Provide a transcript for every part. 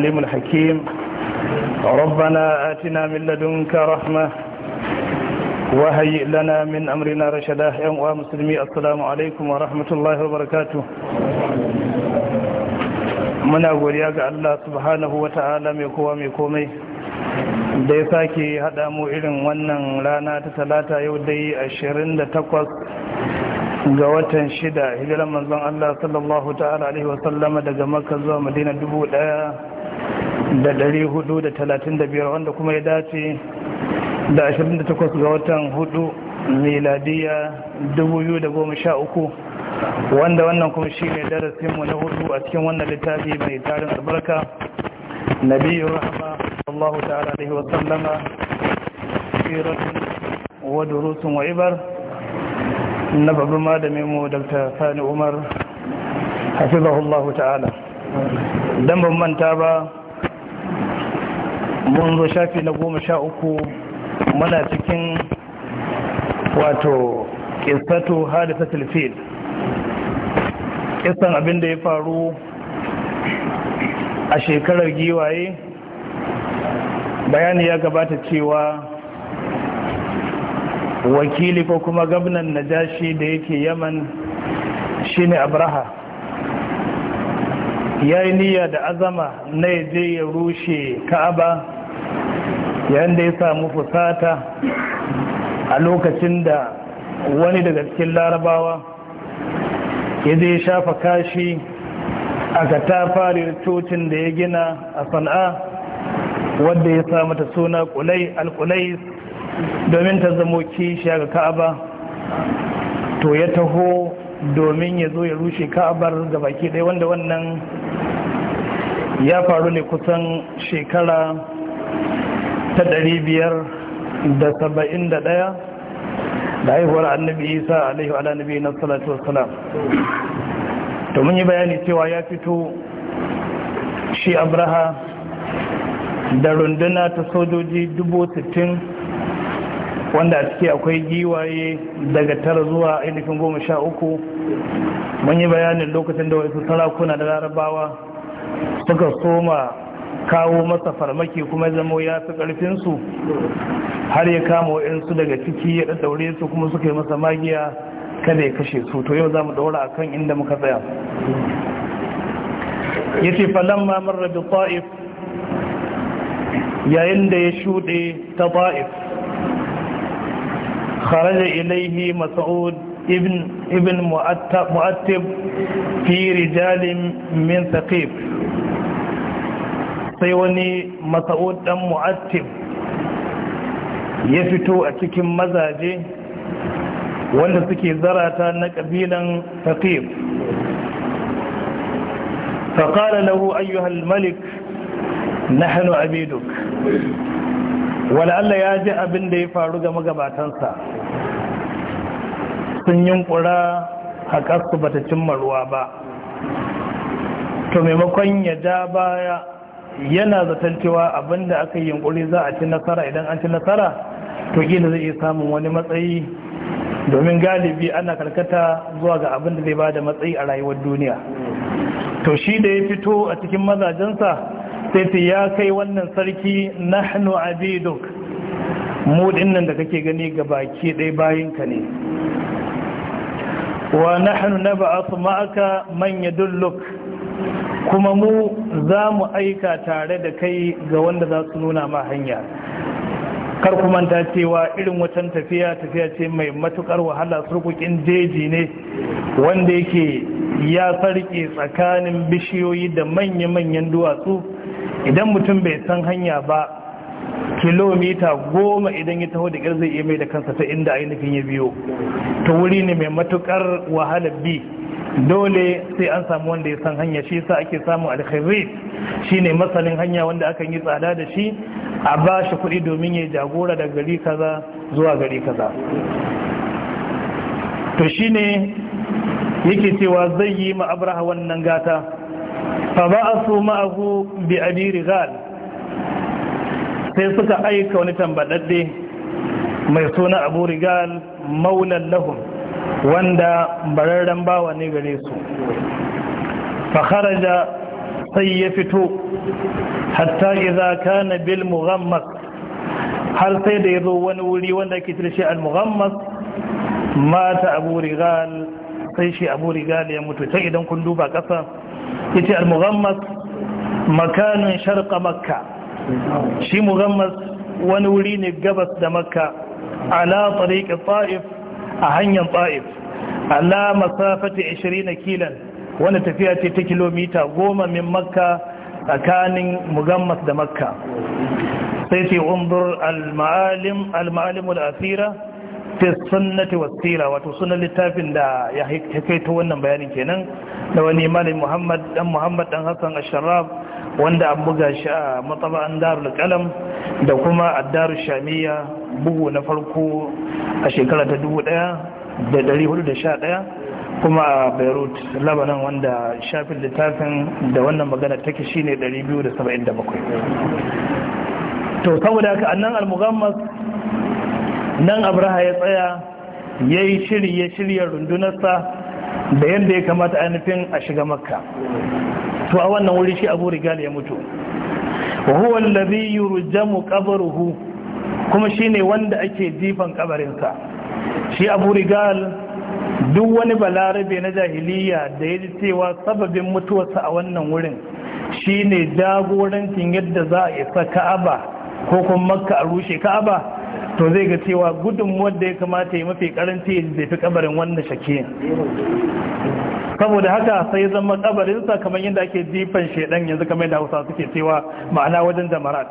العليم الحكيم ربنا آتنا من لدنك رحمة وهيئ لنا من أمرنا رشدا يا مسلمي السلام عليكم ورحمة الله وبركاته muna godiya ga Allah subhanahu wa ta'ala mai kowa mai komai da ya sake haɗa mu irin wannan rana ta talata yau dai takwas ga watan shida hijiran manzon Allah sallallahu ta'ala alaihi wasallama daga makka zuwa madina dubu ɗaya da ɗari hudu da talatin da biyar wanda kuma ya dace da ashirin da takwas ga watan hudu miladiya dubu biyu da goma sha uku wanda wannan kuma shi ne darasinmu na hudu a cikin wannan littafi mai tarin albarka nabiyu rahama allahu ta'ala alaihi wa sallama, wa durusun rusun wa'ibar na babban da mu dr sani umar hafizahullahu ta'ala dan ban manta ba mun zo shafi na goma sha uku muna cikin wato hada hadisa tilfil abin da ya faru a shekarar giwaye bayani ya gabata cewa wakili ko kuma gabnan najashi da yake yaman shine abraha ya yi niyya da azama na yaje ya rushe ka'aba yayin da ya samu fusata a lokacin da wani daga cikin larabawa ya zai shafa kashi a katafarar cocin da ya gina a sana'a wadda ya samu ta suna kulai alkulai domin ta zamo kishiya ga ka'aba to ya taho domin ya zo ya rushe ka'abar ga baki ɗaya wanda wannan ya faru ne kusan shekara ta ɗari biyar da saba'in da ɗaya da haihuwar annabi isa alaihi wa nabi na salatu wasalam to mun yi bayani cewa ya fito shi abraha da runduna ta sojoji dubu sittin wanda a ciki akwai giwaye daga tara zuwa ainihin goma sha uku mun yi bayanin lokacin da wasu sarakuna da larabawa suka soma kawo masa farmaki kuma zamo ya fi ƙarfinsu har ya kama wa'insu daga ciki ya ɗaɗɗaure su kuma suka yi masa magiya kada ya kashe su to yau za mu ɗaura a kan inda muka tsaya ya ce falon mamar rabi ta'if yayin da ya shuɗe ta ta'if kharaja ilaihi mas'ud ibn mu'attab fi rijalin min thaqif sai wani masa'ud dan mu'attib ya fito a cikin mazaje wanda suke zarata na kabilan faqir فقال له أيها الملك نحن عبيدك ولعل يا da ya faru ga magabatansa? sun yunkura a ba bata cimma ruwa ba to maimakon ya ja baya yana zaton cewa abinda aka yi yunkuri za a ci nasara idan an ci nasara to gina zai iya samun wani matsayi domin galibi ana karkata zuwa ga abin da zai ba da matsayi a rayuwar duniya to shi da ya fito a cikin mazajensa sai ta ya kai wannan sarki nahnu abiduk mu dinnan da kake gani ga baki ɗaya bayinka ne wa nahnu nab'athu ma'aka man yadulluk kuma mu za mu aika tare da kai ga wanda za su nuna ma hanya kar kuma manta cewa irin wata tafiya tafiya ce mai matukar wahala surkukin jeji ne wanda yake ya sarki tsakanin bishiyoyi da manya-manyan duwatsu idan mutum bai san hanya ba kilomita goma idan ya taho da ƙyar zai iya mai da kansa ta inda ainihin ya biyo ta wuri ne mai matukar wahala bi dole sai an samu wanda ya san hanya shi sa ake samun alkhairi ne masanin hanya wanda aka yi tsada da shi a ba shi kuɗi domin ya jagora da gari kaza zuwa gari kaza to shi shine yake cewa zai yi ma wannan gata fa ba su ma'ahu bi abi rigal sai suka aika wani tambadadde mai suna abu rigal maulan lahum wanda bararren bawa ne gare su fakharaja sai ya fito hatta idza kana bil mughammas har sai da yazo wani wuri wanda ake cire shi al mughammas mata abu rigal sai shi abu rigal ya mutu sai idan kun duba kasa yace al mughammas makanin sharqa makka shi mughammas wani wuri ne gabas da makka ala tariqi ta'if a hanyar ba'if ala masafati 20 kilan wanda tafiya ce ta kilomita goma min makka tsakanin mugammas da makka sai ce umar al-ma'alim al-ma'alim al-asira fi sunnati wasira wato sunan littafin da ya ta wannan bayanin kenan da wani malin muhammad dan muhammad dan hassan sharaf. wanda an buga shi a matsaba'an darul kalam da kuma a darul shamiya bugu na farko a shekara ta 1411 kuma a beirut labanan wanda shafin littafin da wannan magana take shine 277 to saboda haka annan al-mughammas nan abraha ya tsaya ya yi shiri ya shirya rundunarsa da yadda ya kamata ainihin a shiga makka to a wannan wuri shi abu rigal ya mutu huwa allazi yurjamu qabruhu kuma shine wanda ake jifan kabarinsa shi abu rigal duk wani balarabe na jahiliya da ya ji cewa sababin mutuwarsa a wannan wurin shine jagorancin yadda za a isa ka'aba ko kuma makka a rushe ka'aba to zai ga cewa gudun wanda ya kamata ya mafi karanci ya zafi kabarin wannan shakiyin saboda haka sai zama kabarinsa kamar yadda ake jifan shedan yanzu kamar yadda hausa suke cewa ma'ana wajen jamarat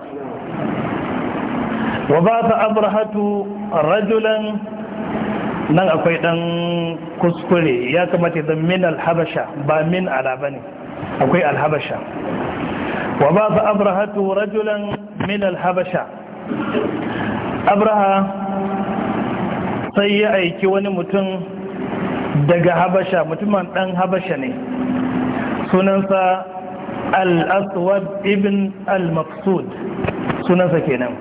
wa ba ta abrahatu rajulan nan akwai dan kuskure ya kamata da min alhabasha ba min alaba ne akwai alhabasha wa ba ta abrahatu rajulan min alhabasha abraha sai ya aiki wani mutum daga habasha mutumin ɗan habasha ne sunansa al-aswad ibn al-maqsud sunansa kenan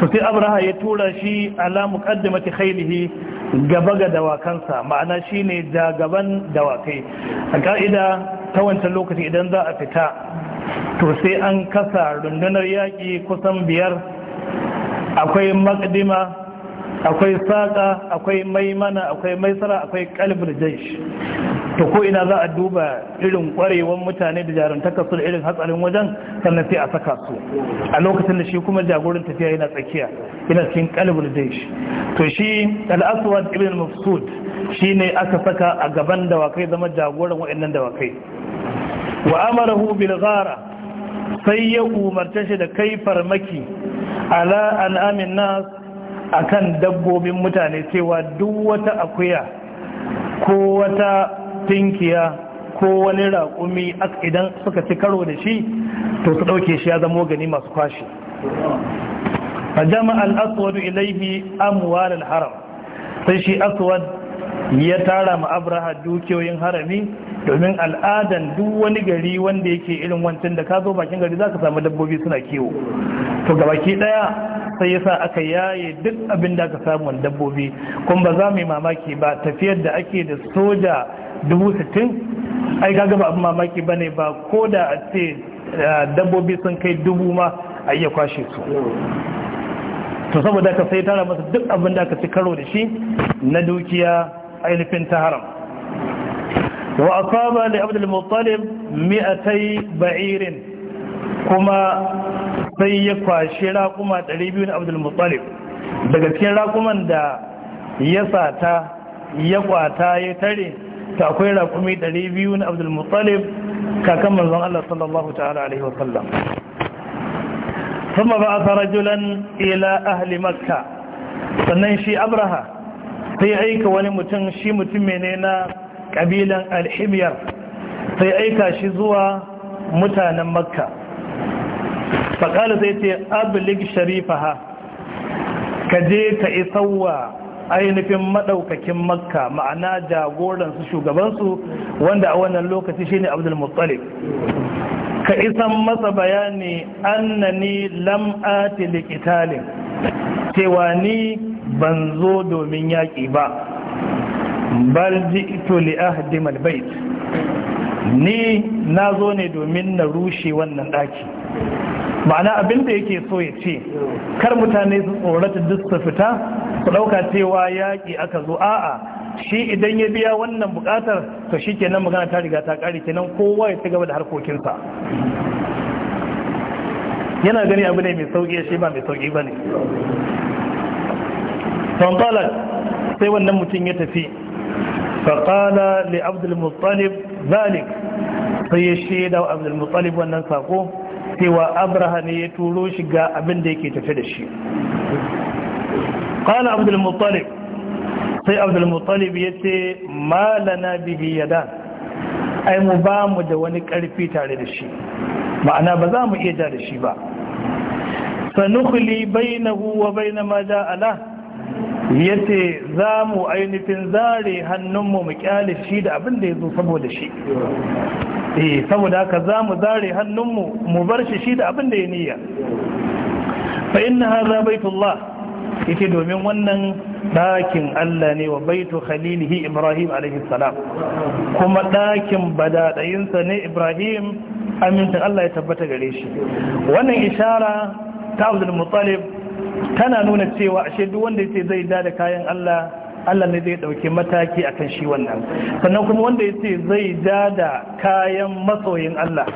to sai abraha ya tura shi ala muqaddimati khaylihi gaba ga dawakansa ma'ana shine da gaban dawakai a ka'ida ta wancan lokaci idan za a fita to sai an kasa rundunar yaƙi kusan biyar akwai makdima akwai saƙa akwai maimana akwai maisara akwai kalibir jaish to ko ina za a duba irin kwarewan mutane da jarantaka su da irin hatsarin wajen sannan sai a saka su a lokacin da shi kuma jagoran tafiya yana tsakiya yana cikin kalibir jaish to shi al'aswad ibn mafsud shi ne aka saka a gaban dawakai zama jagoran waɗannan dawakai wa amarahu bil ghara sai ya umarce shi da kai farmaki ala an'amin nas akan dabbobin mutane cewa duk wata akuya ko wata tinkiya ko wani raƙumi idan suka ci karo da shi to su ɗauke shi ya zamo gani masu kwashi a jama'al aswadu ilaihi amwal haram sai shi aswad ya tara ma abraha dukiyoyin harami domin al'adan duk wani gari wanda yake irin wancan da ka zo bakin gari za ka samu dabbobi suna kiwo to gabaki daya sai yasa aka yaye duk abin da aka samu wani dabbobi kuma ba za mu yi mamaki ba tafiyar da ake da soja dubu sittin ai ga gaba abin mamaki bane ba ko da a ce eh, dabbobi sun kai dubu ma a iya kwashe su to saboda ka sai tara masa duk abin da aka ci karo da shi na dukiya ainihin ta haram wa asaba li abdul muttalib mi'atai ba'irin kuma sai ya kwashi raƙuma 200 na abdul muttalib daga cikin raƙuman da ya sata ya kwata ya tare ta akwai raƙumi 200 na abdul muttalib kakan manzon Allah sallallahu ta'ala alaihi wa sallam ثم بعث رجلا إلى أهل مكة sannan shi abraha sai aika wani mutum shi mutum ne na ƙabilan alhimiyar sai aika shi zuwa mutanen makka faƙala sai ce ablig sharifaha ka je ka isauwa ainihin maɗaukakin makka ma'ana jagoransu shugabansu wanda a wannan lokaci shine abdul muttalib ka isan masa bayani annani lam'ati likitalin cewa ni ban zo domin yaƙi ba bal ji'tu li ahdim malbait ni na zo ne domin na rushe wannan ɗaki ma'ana abin da yake so ya ce kar mutane su tsorata duk su fita su ɗauka cewa yaƙi aka zo a'a shi idan ya biya wannan buƙatar to shi kenan magana ta riga ta ƙari kenan kowa ya ci gaba da harkokinsa yana gani abu ne mai sauƙi shi ba mai sauƙi ba ne fanzalar sai wannan mutum ya tafi faƙala li abdulmuttalib zalik sai ya shaida wa abdulmuttalib wannan sako cewa wa ne ya turo shi ga abin da yake tafi da shi ƙala abdulmuttalib sai abdulmuttalib ya ce malana bihi yada ai mu ba mu da wani ƙarfi tare da shi ma'ana ba za mu iya da shi ba sanukuli bainahu wa bainama ja'ala ya ce za mu ainihin zare hannunmu mu kyale shi da abin da ya zo saboda shi eh saboda haka za mu zare hannunmu mu bar shi shi da abin da ya niyya fa inna hadha baytullah yace domin wannan dakin Allah ne wa baitu khalilihi Ibrahim alaihi salam kuma dakin badadayinsa ne Ibrahim Aminta, Allah ya tabbata gare shi wannan ishara ta Abdul Muttalib tana nuna cewa ashe duk wanda yace zai da da kayan Allah Allah ne zai dauke mataki akan shi wannan sannan kuma wanda yace zai da da kayan masoyin Allah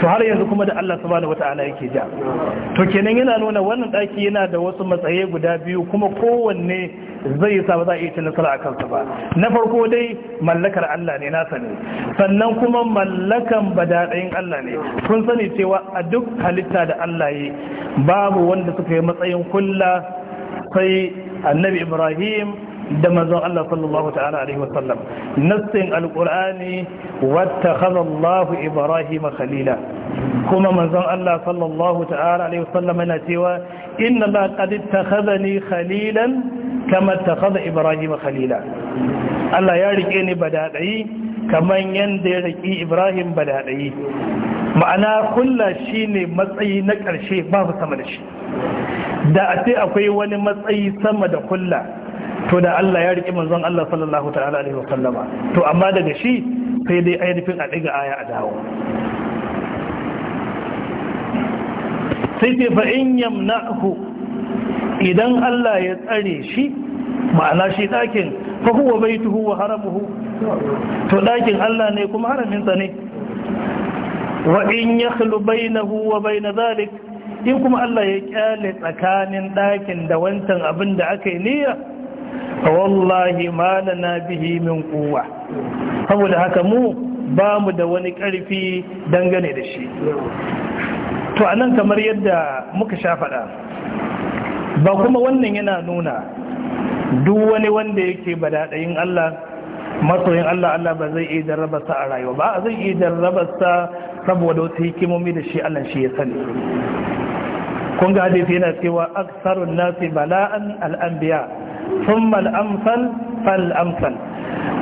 to har yanzu kuma da Allah subhanahu wata'ala yake ja to kenan yana nuna wannan daki yana da wasu matsaye guda biyu kuma kowanne zai sa ba za a iya cin nasara a kansa ba na farko dai mallakar Allah ne nasa ne sannan kuma mallakan badaɗayin Allah ne kun sani cewa a duk halitta da Allah yi babu wanda suka yi matsayin kulla sai annabi Ibrahim da manzon Allah sallallahu ta'ala alaihi wa sallam nassin alqur'ani wattakhadha Allahu Ibrahim khalila kuma manzon Allah sallallahu ta'ala alaihi wa sallam yana cewa inna ma qad ittakhadhani khalilan kama ittakhadha Ibrahim khalila Allah ya rike ni badadai kaman yanda ya riki Ibrahim badadai ma'ana kulla shine matsayi na ƙarshe babu sama da shi da a akwai wani matsayi sama da kulla to da Allah ya riƙe manzon Allah sallallahu ta'ala alaihi Sallama, to amma daga shi sai dai ainihin a ɗiga aya a dawo sai ce fa in yamna'hu idan Allah ya tsare shi ma'ana shi ɗakin fa huwa baituhu wa haramuhu to ɗakin Allah ne kuma haramin sa ne wa in yakhlu bainahu wa bain zalik in kuma Allah ya kyale tsakanin ɗakin da wancan abin da aka yi niyya wallahi ma na bihi min quwwa saboda haka mu ba mu da wani karfi dangane da shi to anan kamar yadda muka sha faɗa ba kuma wannan yana nuna duk wani wanda yake badaɗayin Allah masoyin Allah Allah ba zai iya jarraba a rayuwa ba zai iya jarraba sa saboda wata hikimomi da shi Allah shi ya sani kun ga hadisi yana cewa aksarun nasi bala'an al'anbiya thumma al-amsal fal amsal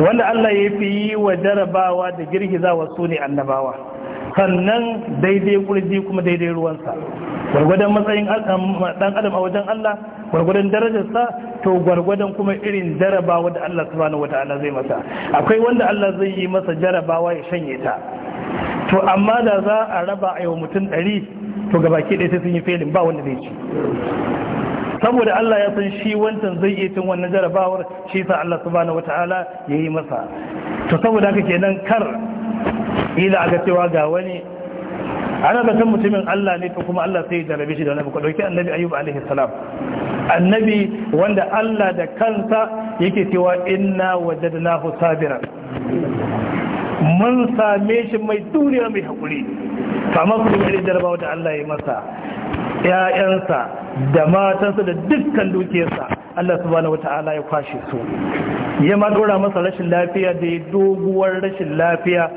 wanda Allah ya fi yi wa jarabawa da girgizawa su ne annabawa sannan daidai kurji kuma daidai ruwansa gwargwadon matsayin um, dan adam a wajen Allah gwargwadon darajarsa to gwargwadon kuma irin jarabawa da Allah subhanahu wataala zai masa akwai wanda Allah zai yi masa jarabawa ya shanye ta to amma da za a raba a yau mutum ɗari to gabaki ɗaya sai sun yi felin ba wanda zai ci saboda Allah ya san shi wancan zai iya cin wannan jarabawar shi sa Allah subhanahu wataala ya yi masa to saboda haka kenan kar ila aga cewa ga wani ana da san mutumin Allah ne to kuma Allah sai ya jarabe shi da wani ku annabi ayyub alaihi salam annabi wanda Allah da kansa yake cewa inna wajadnahu sabiran mun same shi mai duriya mai hakuri kamar kuma irin jarabawa da Allah ya masa ‘ya'yansa da matansa da dukkan dukiyarsa Allah subhanahu wa ta'ala ya kwashe su ya ma dora masa rashin lafiya da ya doguwar rashin lafiya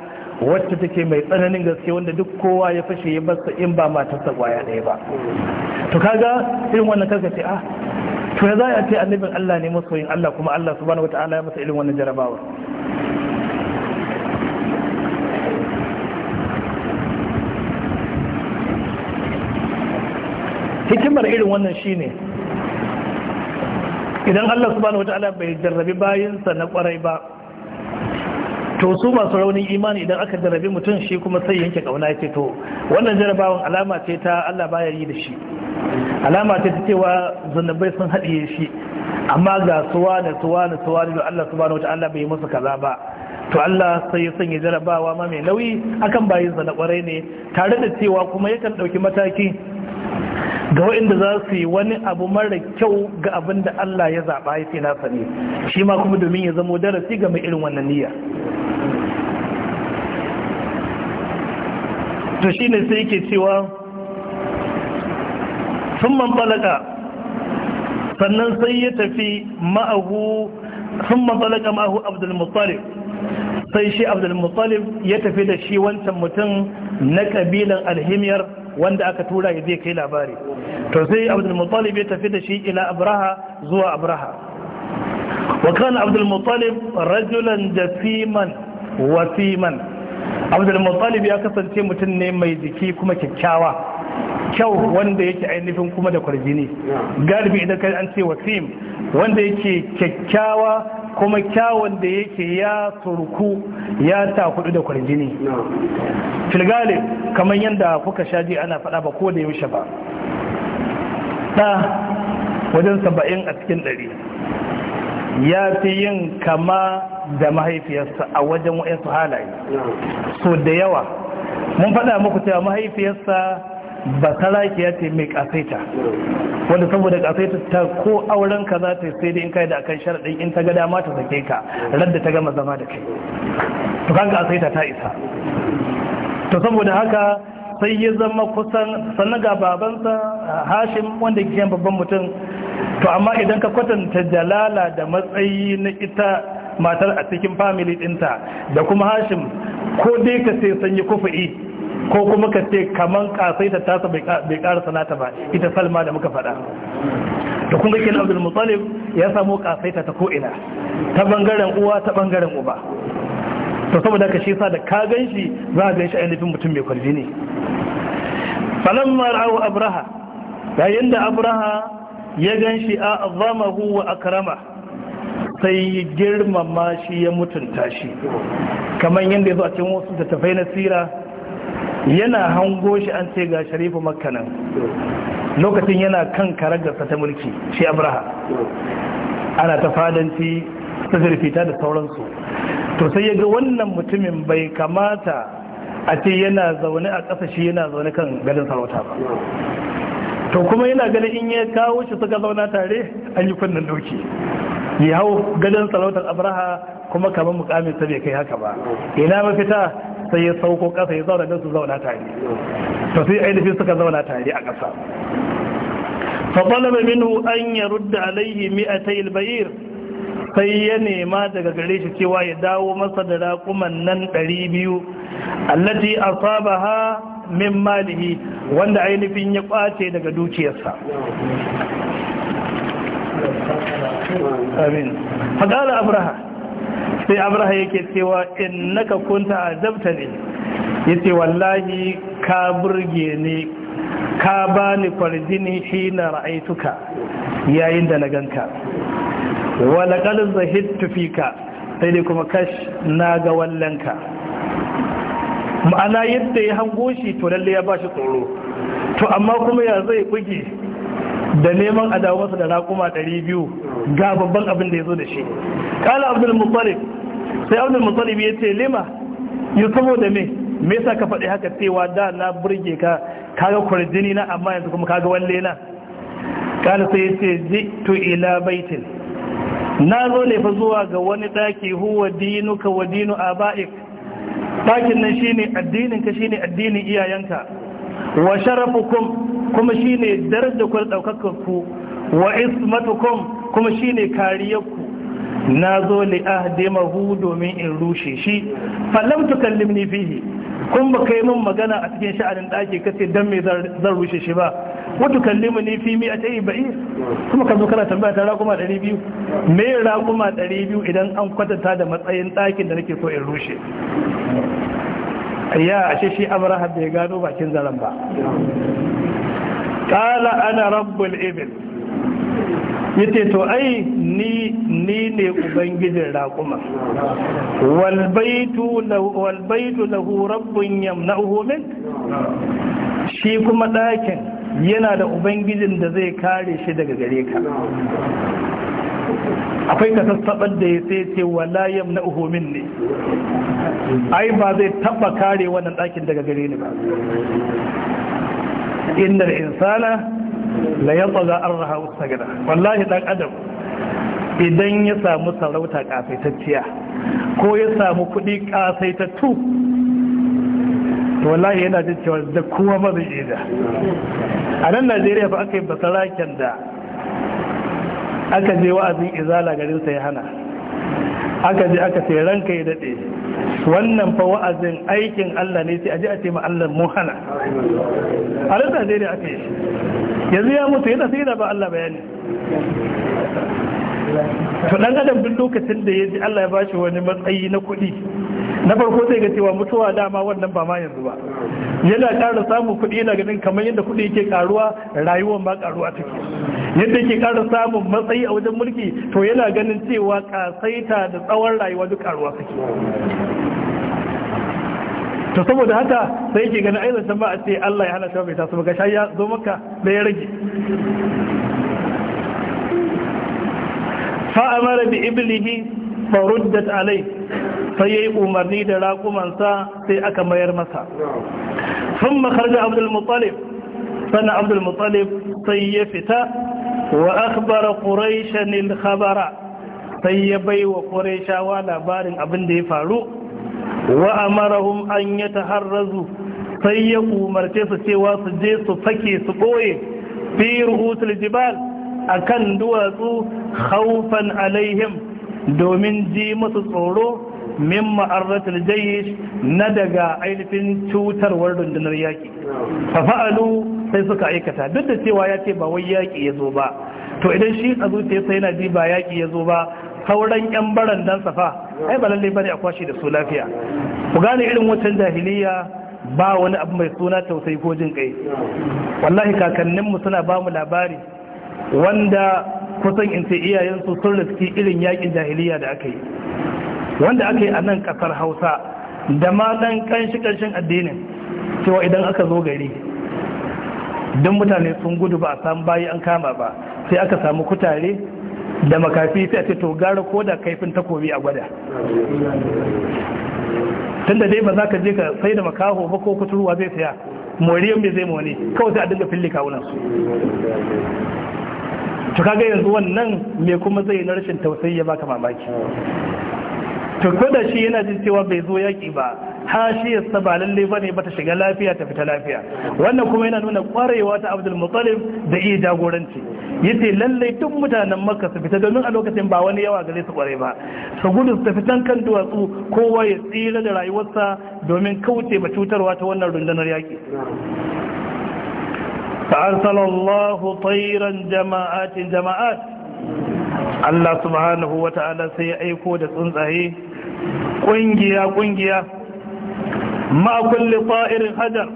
wacce take mai tsananin gaske wanda duk kowa ya fashe ya basa in ba matarsa gwaya ɗaya ba to kaga irin wannan kaga ce ah to ya za a ce annabin Allah ne masoyin Allah kuma Allah subhanahu wa ta'ala ya masa irin wannan jarabawar. hikimar irin wannan shine idan Allah subhanahu wataala bai jarrabi bayinsa na kwarai ba to su masu raunin imani idan aka jarrabi mutum shi kuma sai yanke kauna ce to wannan jarrabawan alama ce ta Allah baya yi da shi alama ce ta cewa zunubai sun haɗiye shi amma ga suwa da suwa da suwa da Allah subhanahu wataala bai yi musu kaza ba to Allah sai ya sanya jarabawa ma mai nauyi akan bayinsa na kwarai ne tare da cewa kuma yakan ɗauki mataki ga waɗanda za su yi wani abu mara kyau ga abin da Allah ya zaɓa ya fi nasa ne shi ma kuma domin ya zamo darasi ga mai irin wannan niyya to shi ne sai yake cewa sun manfalaka sannan sai ya tafi ma'ahu sun manfalaka ma'ahu abdulmuttalib sai shi abdulmuttalib ya tafi da shi wancan mutum na kabilan alhimiyar wanda aka tura ya zai kai labari to sai abdul muttalib ya tafi da shi ila abraha zuwa abraha wa kana abdul muttalib rajulan jasiman wasiman abdul muttalib ya kasance mutum ne mai jiki kuma kyakkyawa kyau wanda yake ainihin kuma da kwarjini galibi idan kai an ce wasim wanda yake kyakkyawa kuma kyawun da yake ya turku ya ta kudu da kwarjini filgale kamar yadda kuka shaji ana faɗa ba ko da yaushe ba Ta wajen saba'in a cikin ɗari ya fi yin kama da mahaifiyarsa a wajen su halaye so da yawa mun faɗa muku cewa mahaifiyarsa ba sarakiya ce mai kasaita wanda saboda kasaita ta ko auren ka za ta sai da in kai da akan sharaɗin in ta ga dama ta sake ka radda ta gama zama da kai to kan kasaita ta isa to saboda haka sai ya zama kusan sannan ga babansa hashim wanda ke yan babban mutum to amma idan ka kwatanta jalala da matsayi na ita matar a cikin family ɗinta da kuma hashim ko dai ka sai sanyi kufa'i ko kuma ka ce kaman kasai tasa bai kara sanata ba ita salma da muka faɗa da kun ga abdul mutalib ya samu kasai ta ko'ina ta bangaren uwa ta bangaren uba to saboda ka shi sa da ka gan shi za a gan shi ainihin mutum mai kwalbi ne falamma ra'u abraha yayin da abraha ya gan shi a azamahu wa akrama sai girmama shi ya mutunta shi kamar yadda ya zo a cikin wasu da tafai na sira yana hango shi an ce ga sharifu Makkanan, lokacin yana kan karagarsa ta mulki shi abraha ana ta fadanci ta zurfita da sauransu to sai ya ga wannan mutumin bai kamata a ce yana zaune a ƙasa shi yana zaune kan gadon sarauta ba to kuma yana ganin in ya kawo shi suka zauna tare an yi kunnen doki ya hau gadon sarautar abraha kuma kamar mukamin sa bai kai haka ba ina mafita sai ya sauko ƙasa ya zauna don su zauna tare to sai ainihin suka zauna tare a ƙasa faɗalaba minhu an ya rudda alaihi mi'atai albayir sai ya nema daga gare shi cewa ya dawo masa da raƙuman nan ɗari biyu allati asaba ha min malihi wanda ainihin ya ƙwace daga dukiyarsa amin faɗala abraha sai abraha yake cewa in naka kunta azabta ne ya ce wallahi ka burge ni ka bani farjini na ra'aituka yayin da na ganka wa laqad tufi ka, sai dai kuma kash na ga wallanka ma'ana yadda ya hango shi to lalle ya ba shi tsoro to amma kuma ya zai buge da neman adawarsa da raƙuma 200 ga babban abin da ya zo da shi ƙala abdul muttalib sai abin mutalib ya ce lima yi saboda me me sa ka faɗi haka cewa da na burge ka kaga kwarjini na amma yanzu kuma kaga walle na kana sai ya ce ji to ila baitin na zo ne fa zuwa ga wani ɗaki huwa ka wa dinu ba'ik Ɗakin nan shine addinin ka shine addinin iyayenka wa sharafukum kuma shine darajar ku daukakar ku wa ismatukum kuma shine ne kariyarku. na zo li hu domin in rushe shi fallam tukallimni fihi kun ba kai min magana a cikin sha'anin daki kace dan me zan rushe shi ba wa tukallimni fi mi atai ba'i kuma ka zo kana tambaya ta raƙuma 200 me raƙuma 200 idan an kwatanta da matsayin dakin da nake so in rushe ya ashe shi amrahab bai gano bakin zaran ba qala ana rabbul ibil yace to ai ni ni ne ubangijin raƙuma wal baitu wal baitu lahu rabbun yamna'uhu min shi kuma ɗakin yana da ubangijin da zai kare shi daga gare ka akwai ka sassaɓar da ya sai ce wala yamna uhumin ne ai ba zai taɓa kare wannan ɗakin daga gare ni ba inda insana la yatsa an raha wallahi dan adam idan ya samu sarauta kasaitacciya ko ya samu kudi kasaitattu to wallahi yana jin cewa da kuma mazi ida a nan najeriya ba aka yi basaraken da aka je wa'azin izala garinsa ya hana aka je aka ce ranka ya daɗe wannan fa wa'azin aikin Allah ne sai a ji a ce Allah mu hana a ran ne aka yi yanzu ya mutu yana sai da ba Allah bayani to dan adam duk lokacin da ya ji Allah ya bashi wani matsayi na kuɗi na farko sai ga cewa mutuwa dama wannan ba ma yanzu ba yana ƙara samun kuɗi yana ganin kamar yadda kuɗi yake karuwa rayuwar ma karuwa take yadda yake ƙara samun matsayi a wajen mulki to yana ganin cewa kasaita da tsawon rayuwa duk karuwa take to saboda haka sai yake ganin aizan ba a ce Allah ya hana shi ta, saboda ba ga ya zo maka da ya rage fa amara bi iblihi fa alai sai yayi umarni da raƙumansa sai aka mayar masa Sun kharaja abdul muttalib sana abdul sai ya fita wa akhbara ƙuraishanin al khabara sai ya baiwa ƙuraishawa labarin abin da ya faru wa amarahum an yataharrazu sai ya umarce su cewa su je su fake su ɓoye fi ruhutul jibal akan duwatsu haufan alaihim domin ji musu tsoro min ma'arratul jaysh na daga ainihin cutarwar rundunar yaƙi. fa fa'alu sai suka aikata duk da cewa ya ce ba wai yaki yazo ba to idan shi a sai yana ji ba yaki yazo ba sauran yan baran barandan safa ai ba lalle bane a kwashi da su lafiya ku gane irin wancan jahiliya ba wani abu mai suna tausayi ko jin kai wallahi kakanninmu suna ba mu labari wanda kusan in ce iyayensu sun riski irin yakin jahiliya da aka yi wanda aka yi a nan kasar hausa da ma dan kanshi kanshin addinin cewa idan aka zo gari don mutane sun gudu ba a samu bayi an kama ba sai aka samu kutare da makafi sai a ce to gara ko da kaifin takobi a gwada tun da dai ba za ka je ka sai da makaho ba ko kuturwa zai saya moriyan mai zai mone kawai sai a dinga fili kawunan su to kaga yanzu wannan me kuma zai na rashin tausayi ya baka mamaki to ko da shi yana jin cewa bai zo yaki ba ha shi ya ba lalle ba ne bata shiga lafiya ta fita lafiya wannan kuma yana nuna kwarewa ta Abdul Muttalib da iya jagoranci yace lalle duk mutanen Makka su fita domin a lokacin ba wani yawa gare su kware ba su gudu su tafi kan duwatsu kowa ya tsira da rayuwarsa domin kauce ba cutarwa ta wannan rundunar yaki فأرسل الله طيرا جماعات جماعات الله سبحانه aiko da دسون صحيح قنجيا قنجيا مع كل طائر هدر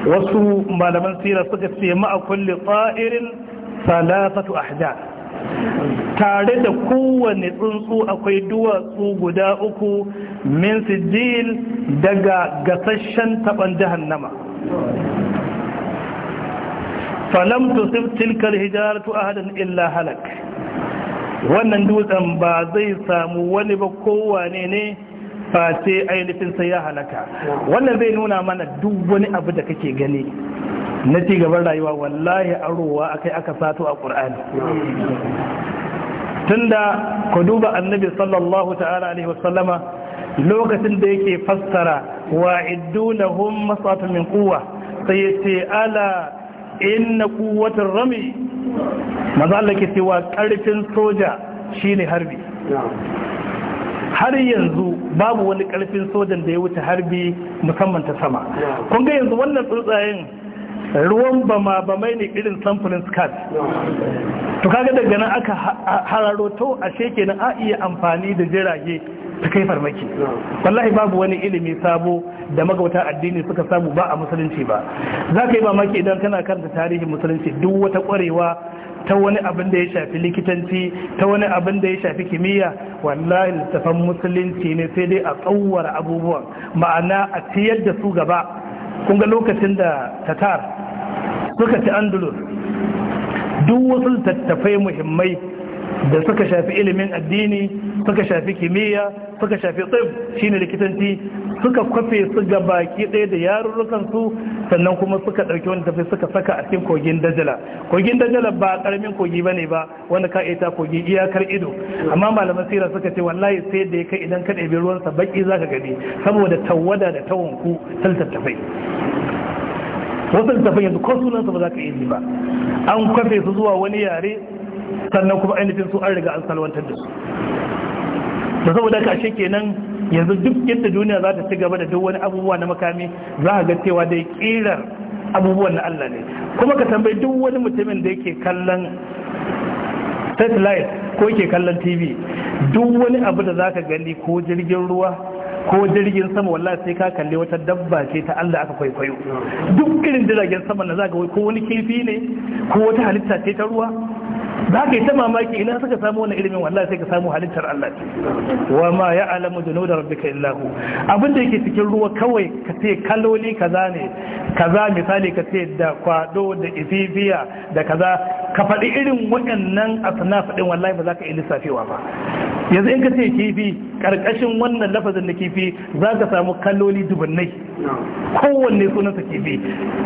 wasu malaman sira suka ce ma'akulli tsa'irin salafatu ahda tare da kowane tsuntsu akwai duwatsu guda uku min sijil daga gasashen taban jahannama falam tusib tilkal hijaratu ahadan illa halak wannan dutsen ba zai samu wani ba kowane ne ce ainihin sai ya halaka wannan zai nuna mana duk wani abu da kake gani na ci gaban rayuwa wallahi arowa akai aka sato a ƙur'ani tunda ku duba annabi sallallahu ta'ala alaihi wasallama lokacin da yake fassara wa iddunahum masatu min quwwa sai ce ala inna kuwatar rami maza ke cewa karfin soja shine harbi har yanzu babu wani karfin sojan da ya wuce harbi musamman ta sama kun ga yanzu wannan tsuntsayen ruwan bama mai ne irin samfurin skat to kaga daga nan aka to a sheke na a iya amfani da jirage ta kai farmaki wallahi babu wani ilimi sabo da magauta addini suka samu ba a musulunci ba za ka yi mamaki idan kana karanta tarihin musulunci duk wata kwarewa ta wani abin da ya shafi likitanci ta wani abin da ya shafi kimiyya wallahi littafan musulunci ne sai dai a tsawar abubuwan ma'ana a tiyar da su gaba kun ga lokacin da tatar suka ci andalus duk wasu tattafai muhimmai da suka shafi ilimin addini suka shafi kimiyya suka shafi tsib shine likitanci suka kwafe su ga baki ɗaya da yarurrukan su sannan kuma suka ɗauki wani tafi suka saka a cikin kogin dajala kogin dajala ba ƙaramin kogi ba ne ba wanda ka ita kogi iyakar ido amma malaman sira suka ce wallahi sai da ya kai idan ka ɗebi ruwansa baki za ka gani saboda tawada da tawanku sun tattafai wasu littafin yanzu ko sunansa ba za ka iya ba an kwafe su zuwa wani yare sannan kuma ainihin su an riga an salwantar da su da saboda ka ashe kenan yanzu duk yadda duniya za ta ci gaba da duk wani abubuwa na makami za a ga cewa dai kirar abubuwan na Allah ne kuma ka tambayi duk wani mutumin da yake kallon satellite ko yake kallon tv duk wani abu da za ka gani ko jirgin ruwa ko jirgin sama wallahi sai ka kalli wata dabba ce ta Allah aka kwaikwayo duk irin jiragen sama na zaga ko wani kifi ne ko wata halitta ce ta ruwa za ka yi ta mamaki ina suka samu wani ilimin wallahi sai ka samu halittar Allah wa ma ya alamu da nuna rabbika illahu abin da yake cikin ruwa kawai ka ce kaloli kaza ne kaza misali ka ce da kwado da ifibiya da kaza ka faɗi irin waɗannan asnaf ɗin wallahi ba za ka iya lissafewa ba yanzu in ka ce kifi ƙarƙashin wannan lafazin da kifi za ka samu kaloli dubannai kowanne sunansa kifi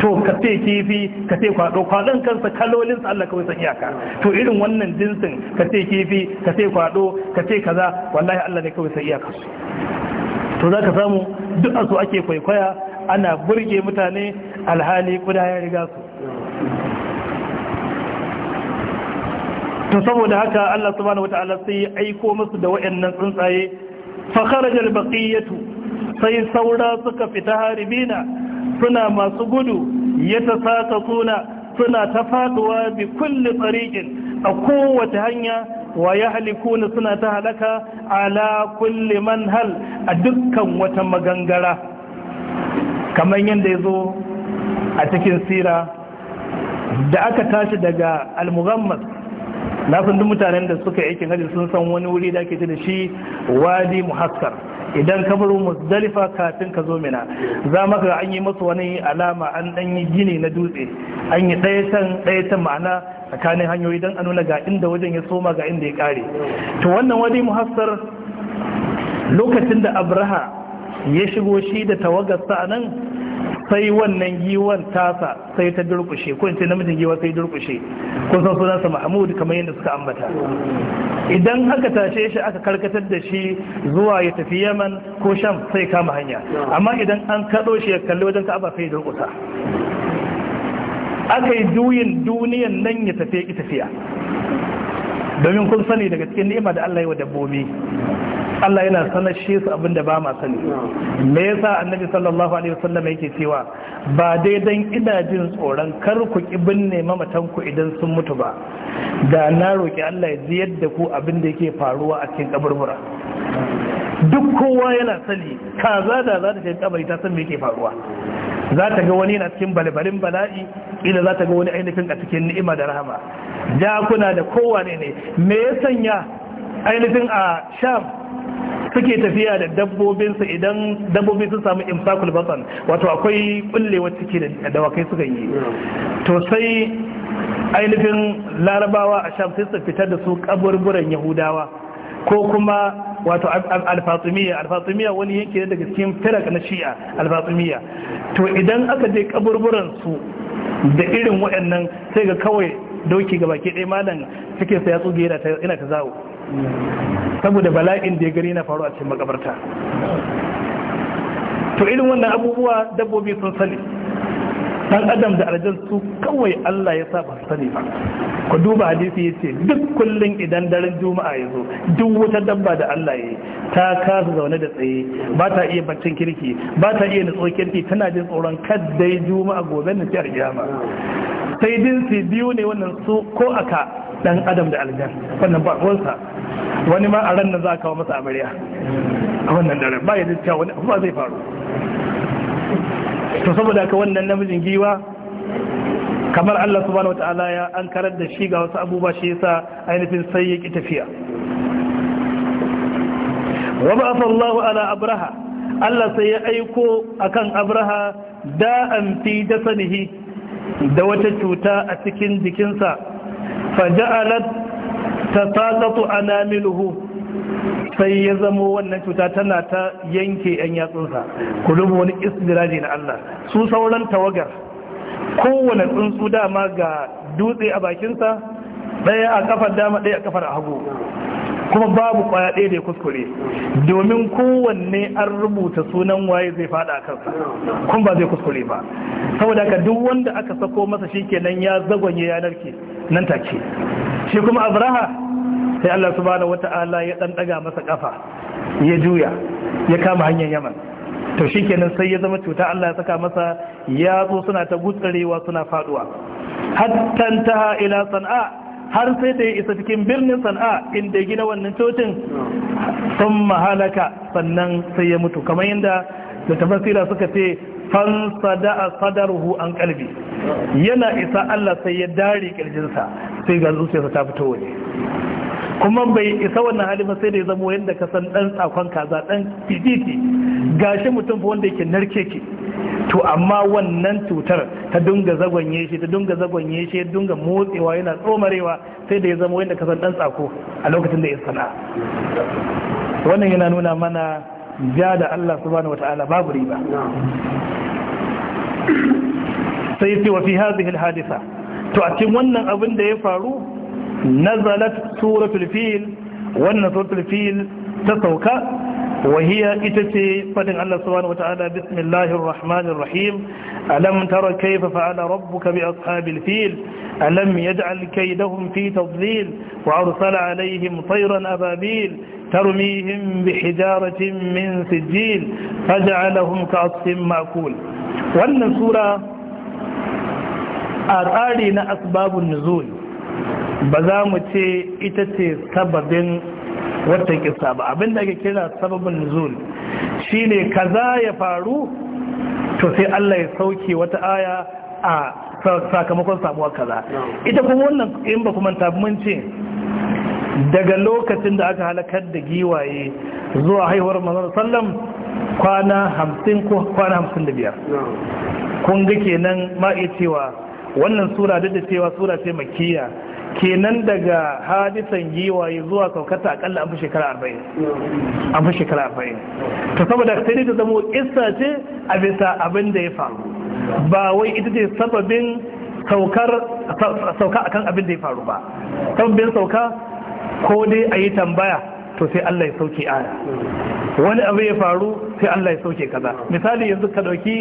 to ka ce kifi ka ce kwaɗo kwaɗon kansa kalolinsa Allah kawai san iyaka to irin wannan jinsin ka ce kifi ka ce kwaɗo ka ce kaza wallahi Allah ne kawai san iyaka to za ka samu duk a su ake kwaikwaya ana burge mutane alhali kuda ya riga su to saboda haka Allah subhanahu wataala sai ya aiko musu da wayannan tsuntsaye fa kharaja al-baqiyatu sai saura suka fita haribina suna masu gudu yatasaqatuna suna ta faduwa bi kulli tariqin a kowace hanya wa yahlikuna suna ta halaka ala kulli manhal a dukkan wata magangara kamar yanda yazo a cikin sira da aka tashi daga al-mughammas na san duk mutanen da suka aikin hajji sun san wani wuri da ake da shi wadi muhassar idan ka bar muzdalifa kafin ka zo mina za maka an yi masu wani alama an dan yi gini na dutse an yi ɗaya can ma'ana tsakanin hanyoyi don a nuna ga inda wajen ya soma ga inda ya ƙare. to wannan wadi muhassar lokacin da abraha ya shigo shi da tawagarsa a nan sai wannan giwan tasa sai ta durkushe ko in ce namijin giwa sai durkushe kun san sunansa mahmud kamar yadda suka ambata idan aka tashe shi aka karkatar da shi zuwa ya tafi yaman ko sham sai kama hanya amma idan an kado shi ya kalli wajen ka'aba sai durkusa aka yi duyin duniyan nan ya tafi ita tafiya domin kun sani daga cikin ni'ima da Allah ya wa dabbobi Allah yana sanar shi su abinda ba ma sani me yasa annabi sallallahu alaihi wasallam yake cewa ba dai dan ina jin tsoron kar ku ki binne mamatan ku idan sun mutu ba da na roki Allah ya ji yadda ku abinda yake faruwa a cikin kaburbura duk kowa yana sani kaza da za ta shiga kabari ta san me yake faruwa za ta ga wani na cikin balbalin bala'i ila za ta ga wani ainihin a cikin ni'ima da rahama jakuna da kowane ne me ya sanya ainihin a sham suke tafiya da dabbobinsu idan dabbobi sun samu imsakul basan wato akwai kullewa ciki da dawakai suka yi to sai ainihin larabawa a sham sai su fitar da su kaburburan yahudawa ko kuma wato alfatsumiya alfatsumiya wani yanki ne daga cikin firak na shi'a alfatsumiya to idan aka je kaburburan su da irin waɗannan sai ga kawai doki gaba baki ɗaya malam cikin sa ya tsuge yana ta zawo saboda bala'in da ya gani na faru a cikin makabarta to irin wannan abubuwa dabbobi sun sani dan adam da aljan su kawai Allah ya sa ba su sani ba ku duba hadisi yace duk kullum idan daren juma'a ya zo duk wata dabba da Allah ya ta kasa zaune da tsaye ba ta iya baccin kirki ba ta iya nutso kirki tana jin tsoron kaddai juma'a gobe na fiyar kiyama sai dinsi biyu ne wannan su ko aka dan adam da aljan wannan ba wansa wani ma a ran nan za a kawo masa amarya a wannan dare ba ya cewa wani abu ba zai faru to saboda ka wannan namijin giwa kamar Allah subhanahu wata'ala ya an karar da shi ga wasu abubuwa shi yasa ainihin sai ya ki tafiya wa fa Allahu ala abraha Allah sai ya aiko akan abraha da'an fi jasadihi da wata cuta a cikin jikinsa faja'alat tasaqatu anamiluhu sai ya zama wannan cuta tana ta yanke yan yatsunsa ku duba wani istidiraji na Allah su sauran tawagar kowane tsuntsu dama ga dutse a bakinsa ɗaya a kafar dama ɗaya a kafar hagu kuma babu kwaya ɗaya da ya kuskure domin kowanne an rubuta sunan waye zai fada kansa kun ba zai kuskure ba saboda haka duk wanda aka sako masa shikenan ya zagwanye yanar ke nan take shi kuma abraha sai Allah subhanahu wata'ala ya dan daga masa kafa ya juya ya kama hanyar yaman to shi shikenan sai ya zama cuta Allah ya saka masa yatsu suna ta gutsarewa suna faduwa hatta ta ila sana'a har sai da ya isa cikin birnin sana'a inda ya gina wannan cocin sun mahalaka sannan sai ya mutu kamar yadda littafin sila suka ce fansada a sadarhu an kalbi yana isa Allah sai ya dare kirjinsa sai ga zuciyarsa ta fito waje kuma bai isa wannan halin sai da ya zamo yadda ka san dan tsakon kaza ɗan fititi gashi mutum fa wanda yake narkeke to amma wannan cutar ta dunga zagonye shi ta dunga zagonye shi ya dunga motsewa yana tsomarewa sai da ya zama wanda kasan dan tsako a lokacin da ya sana wannan yana nuna mana ja da Allah subhanahu wata'ala babu riba sai yace wa fi hadhihi alhadisa to a cikin wannan abin da ya faru nazalat suratul fil wannan suratul fil ta sauka وهي إتتي فدن الله سبحانه وتعالى بسم الله الرحمن الرحيم ألم ترى كيف فعل ربك بأصحاب الفيل ألم يجعل كيدهم في تضليل وأرسل عليهم طيرا أبابيل ترميهم بحجارة من سجيل فجعلهم كعصف مأكول وأن سورة أرآلنا أسباب النزول بزامة إتتي سببين wata kisa ba abinda ke kira sababin nuzul shine kaza ya faru to sai Allah ya sauke wata aya a sakamakon samuwar kaza ita kuma wannan in ba kuma mun ce daga lokacin da aka halakar da giwaye zuwa haihuwar manzon sallam kwana 50 ko kwana 55 kun ga kenan ma iya cewa wannan sura duk da cewa sura ce makkiya kenan daga hadisan giwaye zuwa saukata akalla an fi shekara arba'in an fi shekara arba'in ta saboda sai ta zamo isa ce a bisa abin da ya faru ba wai ita ce sababin sauka akan abin da ya faru ba sababin sauka ko dai a yi tambaya to sai Allah ya sauke aya wani abu ya faru sai Allah ya sauke kaza misali yanzu ka dauki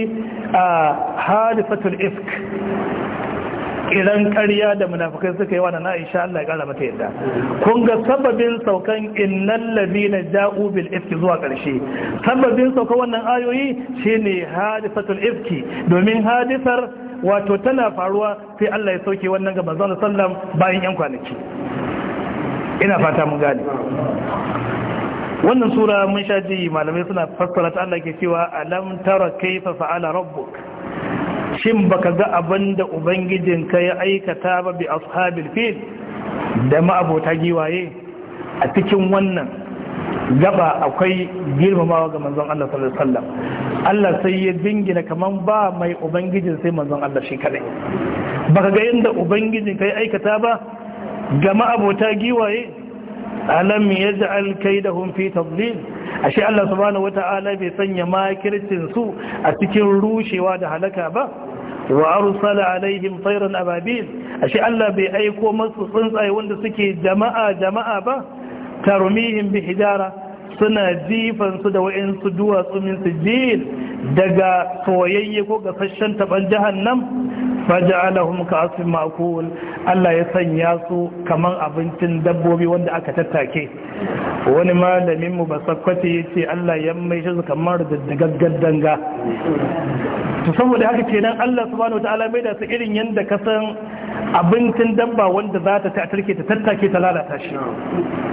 a ah, hadisatul ifk kiran karya da munafikai suka yi wa na Aisha Allah ya kara mata yadda kun ga sababin saukan innal ladina ja'u bil ifki zuwa karshe sababin saukan wannan ayoyi shine hadisatul ifki domin hadisar wato tana faruwa sai Allah ya sauke wannan ga manzon sallam bayan yan kwanaki ina fata mun gane wannan sura mun sha ji malamai suna fassara ta Allah ke cewa alam tara kaifa fa'ala rabbuka shin baka ga abin da ubangijinka ya aikata ba bi ashabil fil da ma'abota giwaye a cikin wannan gaba akwai girmamawa ga manzon Allah sallallahu alaihi wasallam Allah sai ya dingina kaman ba mai ubangijin sai manzon Allah shi kadai baka ga yanda ubangijin ya aikata ba ga ma'abota giwaye alam yaj'al da fi tadlil ashe Allah subhanahu Ta'ala bai sanya makircin su a cikin rushewa da halaka ba wa arsala alaihim tayran ababil ashe Allah bai aiko masu tsuntsaye wanda suke jama'a jama'a ba tarmihim bi hijara suna jifan su da waɗansu duwatsu min sijil daga soyayye ko gasasshen taban jahannam faja'alahum ka'asfin ma'kul Allah ya sanya su kaman abincin dabbobi wanda aka tattake wani malamin mu basakwati yace Allah ya mai shi kamar daddagaggar danga to saboda haka kenan Allah subhanahu wataala mai da su irin yanda ka san abincin dabba wanda za ta tattarke ta tattake ta lalata shi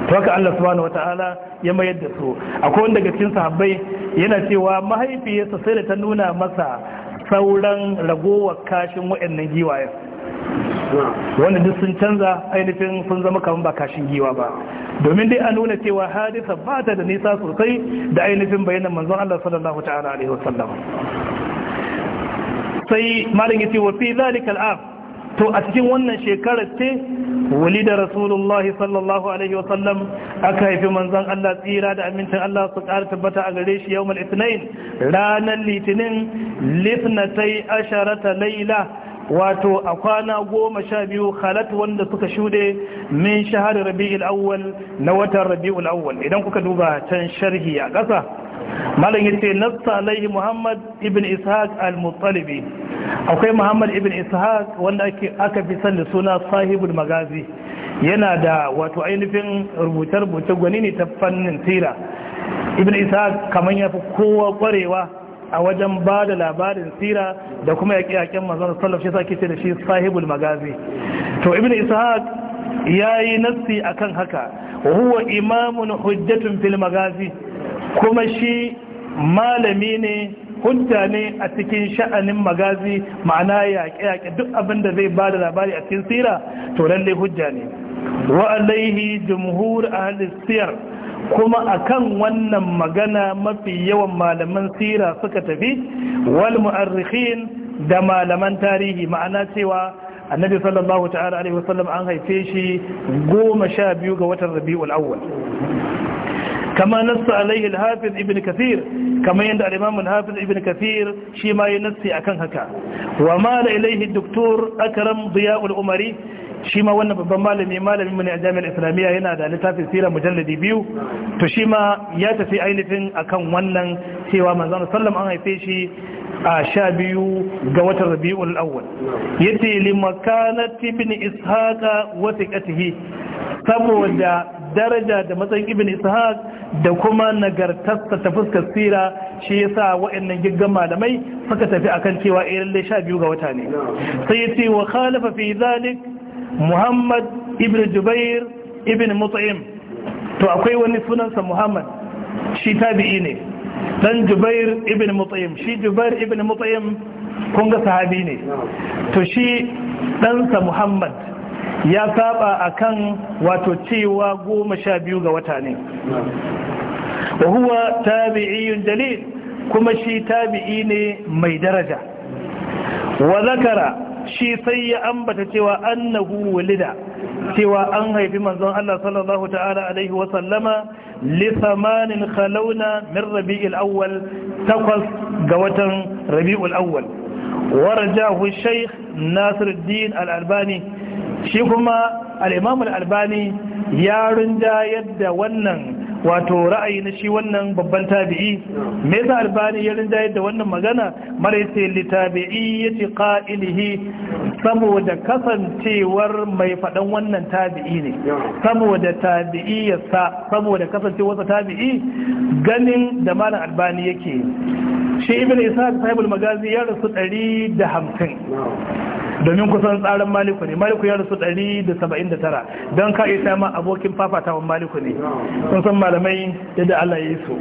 to haka Allah subhanahu wataala ya mayar da su akwai wanda daga cikin sahabbai yana cewa mahaifiyarsa sai da ta nuna masa sauran ragowar kashin waɗannan giwayen wanda duk sun canza ainihin sun zama kamar ba kashin giwa ba domin dai an nuna cewa hadisa ba ta da nisa sosai da ainihin bayanan manzon Allah sallallahu ta'ala alaihi wasallam sai malam yace wa fi zalikal af to a cikin wannan shekarar ce wali da rasulullah sallallahu alaihi wasallam aka haifi manzan Allah tsira da amincin Allah su ƙara tabbata a gare shi yawmal itinain ranar litinin lifnatai asharata laila wato a kwana goma sha biyu khalat wanda suka shuɗe min shahar rabi'ul awwal na watan rabi'ul awwal idan kuka duba can sharhi a ƙasa malam yace nassa alaihi muhammad ibn ishaq al-muttalibi akwai muhammad ibn ishaq wanda ake aka fi sani suna sahibul magazi yana da wato ainihin rubutar rubuta gwani ne ta fannin sira ibn ishaq kamar ya fi kowa kwarewa a wajen ba da labarin sira da kuma yaƙi-yaƙen mazan sallallahu shi sake ce da shi sahibul magazi to ibn ishaq yayi nassi akan haka huwa imamun hujjatun fil magazi kuma shi malami ne hujja ne a cikin sha'anin magazi ma'ana yaƙe-yaƙe duk abin da zai ba da labari a cikin sira to lallai hujja ne wa alaihi jumhur ahli siyar kuma akan wannan magana mafi yawan malaman sira suka tafi wal mu'arrikhin da malaman tarihi ma'ana cewa annabi sallallahu ta'ala alaihi wasallam an haife shi goma sha biyu ga watan rabi'ul awwal kama nassa alaihi al-hafiz ibn kathir kama yanda al-imam al-hafiz ibn kathir shi ma ya nassi akan haka wa mala ilaihi doktor akram diya umari shi ma wannan babban malami malamin mu ne a jami'ar islamiyya yana da littafin sira mujalladi biyu to shi ya tafi ainihin akan wannan cewa manzon sallam an haife shi a sha biyu ga watan rabi'ul awwal yace limakanati ibn ishaqa wa thiqatihi saboda daraja da matsayin ibn ishaq da kuma nagartarsa ta fuskar sira shi yasa waɗannan giggan malamai suka tafi akan cewa eh sha 12 ga wata ne sai yace wa khalafa fi zalik muhammad ibn jubair ibn mut'im to akwai wani sunansa muhammad shi tabi'i ne dan jubair ibn mut'im shi jubair ibn mut'im kun sahabi ne to shi ɗansa muhammad ya saba akan wato cewa goma sha biyu ga wata ne wa huwa tabi'iyun jalil kuma shi tabi'i ne mai daraja wa zakara shi sai ya ambata cewa annahu walida cewa an haifi manzon Allah sallallahu ta'ala alaihi wa sallama li thamanin khalauna min rabi'il awwal takwas ga watan rabi'ul awwal warajahu shaykh Nasiruddin al-Albani shi kuma al'imamul albani ya rinja yadda wannan wato ra'ayi na shi wannan babban tabi'i me yasa albani ya rinda yadda wannan magana mara yace li tabi'i yace qa'ilihi saboda kasancewar mai fadan wannan tabi'i ne saboda tabi'i yasa saboda kasancewar sa tabi'i ganin da malam albani yake shi ibn isa sahibul magazi ya rasu 150 domin kusan tsarin maliku ne maliku ya rasu 179 don ka isa ma abokin fafatawan maliku ne sun san malamai yadda Allah ya yi su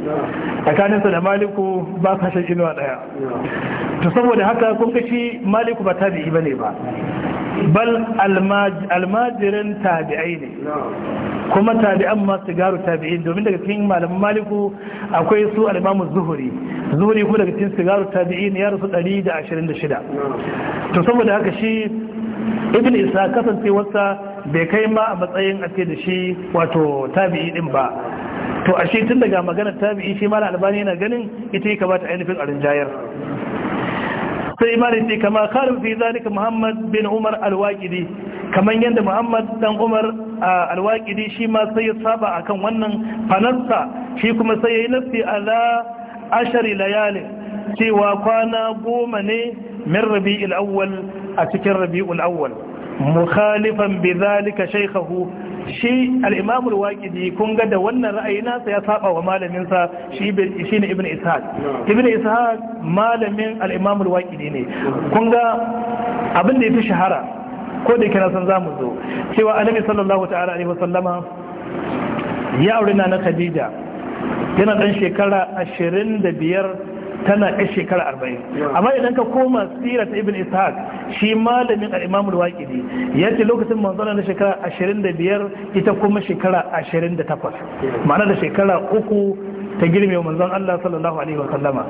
tsakaninsa da maliku ba sa shan inuwa daya to saboda haka kun kashi maliku ba tabi'i ne ba bal almajirin tabi'ai ne kuma tabi'an ma sigaru tabi'in domin daga cikin malamin maliku akwai su alimamu zuhuri zuhuri kuma daga cikin sigaru tabi'in ya rasu da 126 to saboda haka shi ibn isa kasancewarsa bai kai ma a matsayin ake da shi wato tabi'i din ba to ashe tun daga maganar tabi'i shi malam albani yana ganin ita ya kamata ainihin a rinjayar sai imani sai kama karin fi zalika muhammad bin umar alwaƙidi kamar yadda muhammad dan umar alwaƙidi shi ma sai ya saba akan wannan fanarsa shi kuma sai ya yi nafi ala ashari layalin cewa kwana goma ne min rabi'ul awwal a cikin rabi'ul awwal mukhalifan bi zalika shi al-imam al kun ga da wannan ra'ayi nasa ya saba wa malamin shi ne ibn ishaq ibn ishaq malamin al-imam ne kun ga abin da yafi shahara ko da kira san zamu zo cewa annabi sallallahu ta'ala alaihi wasallama ya aure na khadija yana dan shekara 25 tana ya shekara arba'in amma idan ka koma tsira ta ibn ishaq shi malamin al'imamul waƙidi ya ce lokacin manzana na shekara ashirin da biyar ita kuma shekara ashirin da takwas ma'ana da shekara uku ta girme wa manzan Allah sallallahu alaihi wa sallama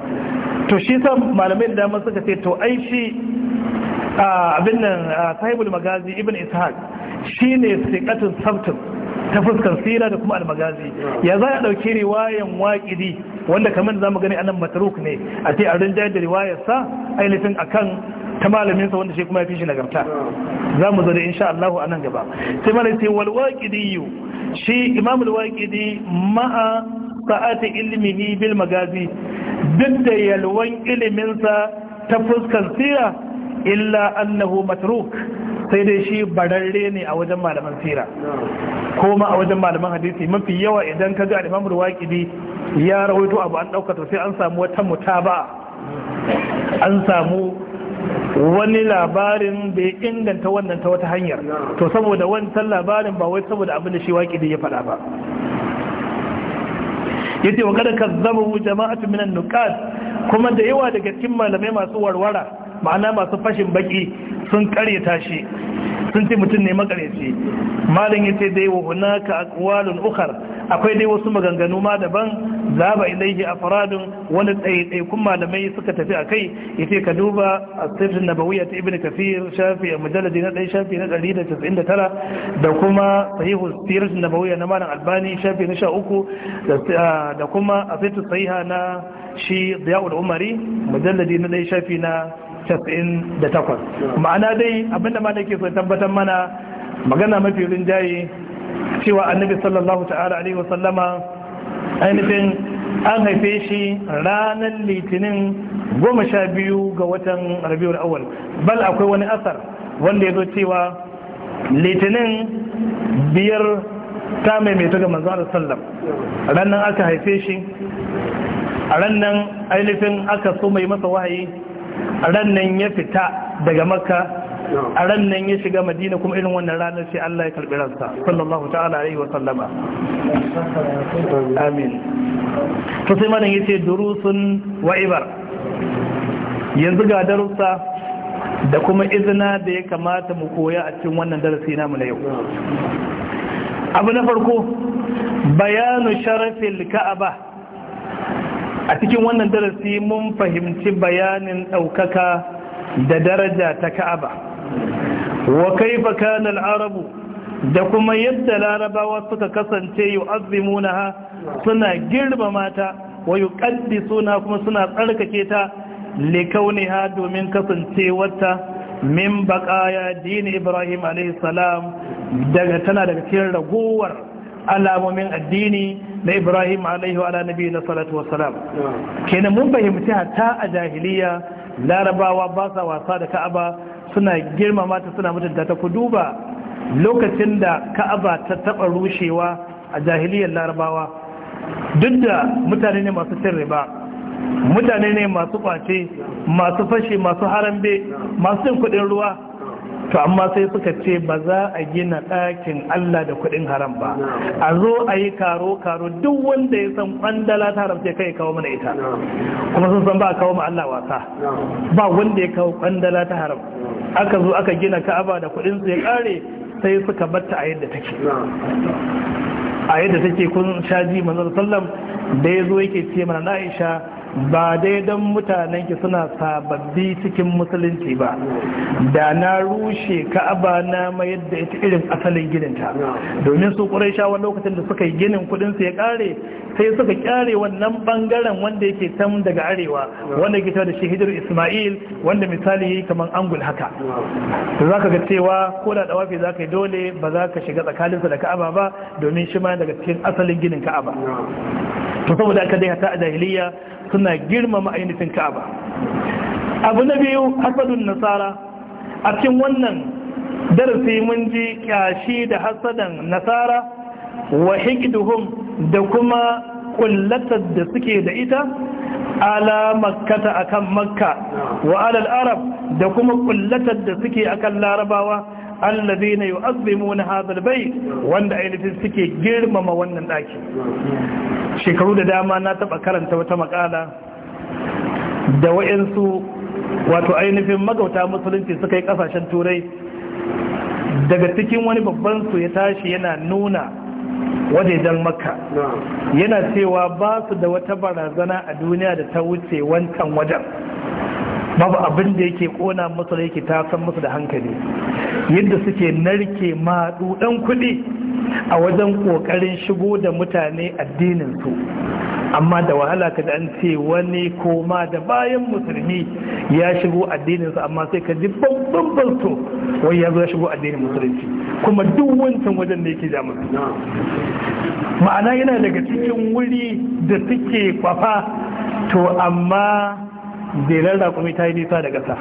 to shi sa malamai da dama suka ce to ai shi abin nan sahibul magazi ibn ishaq ne sikatun sabtun ta fuskar sira da kuma almagazi ya za a ɗauki riwayan waƙidi wanda kamar za mu gani anan matruk ne a ce a rinjayar da riwayarsa ainihin a kan ta malaminsa wanda shi kuma ya fi shi nagarta za mu zo da insha Allah a nan gaba sai mana sai wal waƙidi yu shi imamul waƙidi ma'a sa'ati ilmihi bil magazi duk da yalwan iliminsa ta fuskar sira illa annahu matruk sai dai shi bararre ne a wajen malaman sira ko ma a wajen malaman hadisi mafi yawa idan ka ga al-imam ya rawaito abu an dauka to sai an samu wata mutaba an samu wani labarin da ya inganta wannan ta wata hanyar to saboda wancan labarin ba wai saboda abin da shi waƙidi ya faɗa ba yace wa kada kazzabu jama'atu minan nuqat kuma da yawa daga cikin malamai masu warwara ma'ana masu fashin baki sun karyata shi sun ce mutum ne makareci malin ya ce dai wa hunaka aqwalun ukhar akwai dai wasu maganganu ma daban zaba ilaihi afradun wani kun malamai suka tafi a kai ya ce ka duba a na nabawiyya ta ibn kafir shafi a na ɗai shafi na ɗari da casa'in da tara da kuma sahihu na nabawiyya na malam albani shafi na sha uku da kuma a sirrin sahiha na shi ziya'ul umari mujalladi na ɗai shafi na 98 ma'ana dai abinda ma nake so tabbatar mana magana mafi rinjaye cewa annabi sallallahu ta'ala alaihi wasallama ainihin an haife shi ranar litinin goma sha biyu ga watan rabiul awal bal akwai wani asar wanda ya zo cewa litinin biyar ta maimaita ga manzana sallam ranar aka haife shi a ranar ainihin aka so mai masa wahayi rannan ya fita daga makka a nan ya shiga madina kuma irin wannan ranar sai Allah ya karbi ransa sallallahu ta'ala alaihi wa sallama amin to sai mana yace durusun wa ibar yanzu ga darussa da kuma izina da ya kamata mu koya a cikin wannan darasi namu na yau abu na farko bayanu sharafil ka'aba a cikin wannan darasi mun fahimci bayanin ɗaukaka da daraja ta ka'aba wa kai bakanar arabu da kuma yadda larabawa suka kasance yu'azzimunaha suna girmama ta wa suna kuma suna tsarkake ta likauniha domin kasancewarta min baƙaya dini ibrahim alaihissalam daga tana daga cikin ragowar alamomin addini na ibrahim alaihi wa nabi na salatu wasalam kenan mun fahimci hatta a jahiliya larabawa ba sa wasa da ka'aba suna girmama ta suna mutunta ta ku duba lokacin da ka'aba ta taba rushewa a jahiliyar larabawa duk da mutane ne masu cin riba mutane ne masu kwace masu fashe masu harambe masu yin kudin ruwa to amma sai suka ce ba za a gina ɗakin Allah da kuɗin haram ba a zo a yi karo-karo duk wanda ya san kwandala ta haram sai kai kawo mana ita kuma sun san ba a kawo ma Allah wasa ba wanda ya kawo kwandala ta haram aka zo aka gina ka'aba da kuɗin sai ƙare sai suka batta a yadda take a yadda take kun shaji manzon sallam da ya zo yake ce mana na Aisha ba dai don mutanen ki suna sababbi cikin musulunci ba da na rushe ka'aba na mayar da ita irin asalin gininta domin su kurai shawa lokacin da suka yi ginin kudin su ya kare sai suka kyare wannan bangaren wanda yake tam daga arewa wanda yake da shi hijiru ismail wanda misali yi kamar angul haka za ka ga cewa ko da dawafi za ka yi dole ba za ka shiga tsakaninsa da ka'aba ba domin shi ma daga cikin asalin ginin ka'aba to saboda aka dai hata a jahiliya suna girmama ainihin ka'aba abu na biyu hasadun nasara a cikin wannan darasi mun ji kyashi da hasadan nasara wa hikiduhum da kuma kullatar da suke da ita ala makkata akan makka wa alal arab da kuma kullatar da suke akan larabawa alladhina yu'azzimuna hadha albayt wanda ainihin suke girmama wannan daki shekaru da dama na taba karanta wata makala da wayansu wato ainihin magauta musulunci suka yi kasashen turai daga cikin wani babban su ya tashi yana nuna wajejen makka yana cewa ba su da wata barazana a duniya da ta wuce wancan wajen babu abin da yake kona masa da yake tasan musu da hankali yadda suke narke ma dudan kuɗi a wajen kokarin shigo da mutane addininsu. su amma da wahala ka da an ce wani koma da bayan musulmi ya shigo addininsu, amma sai ka ji babban balto wai ya zo shigo addinin musulunci kuma duk wancan wajen da yake da ma'ana yana daga cikin wuri da suke kwafa to amma da rakumi ta yi nisa da ƙasa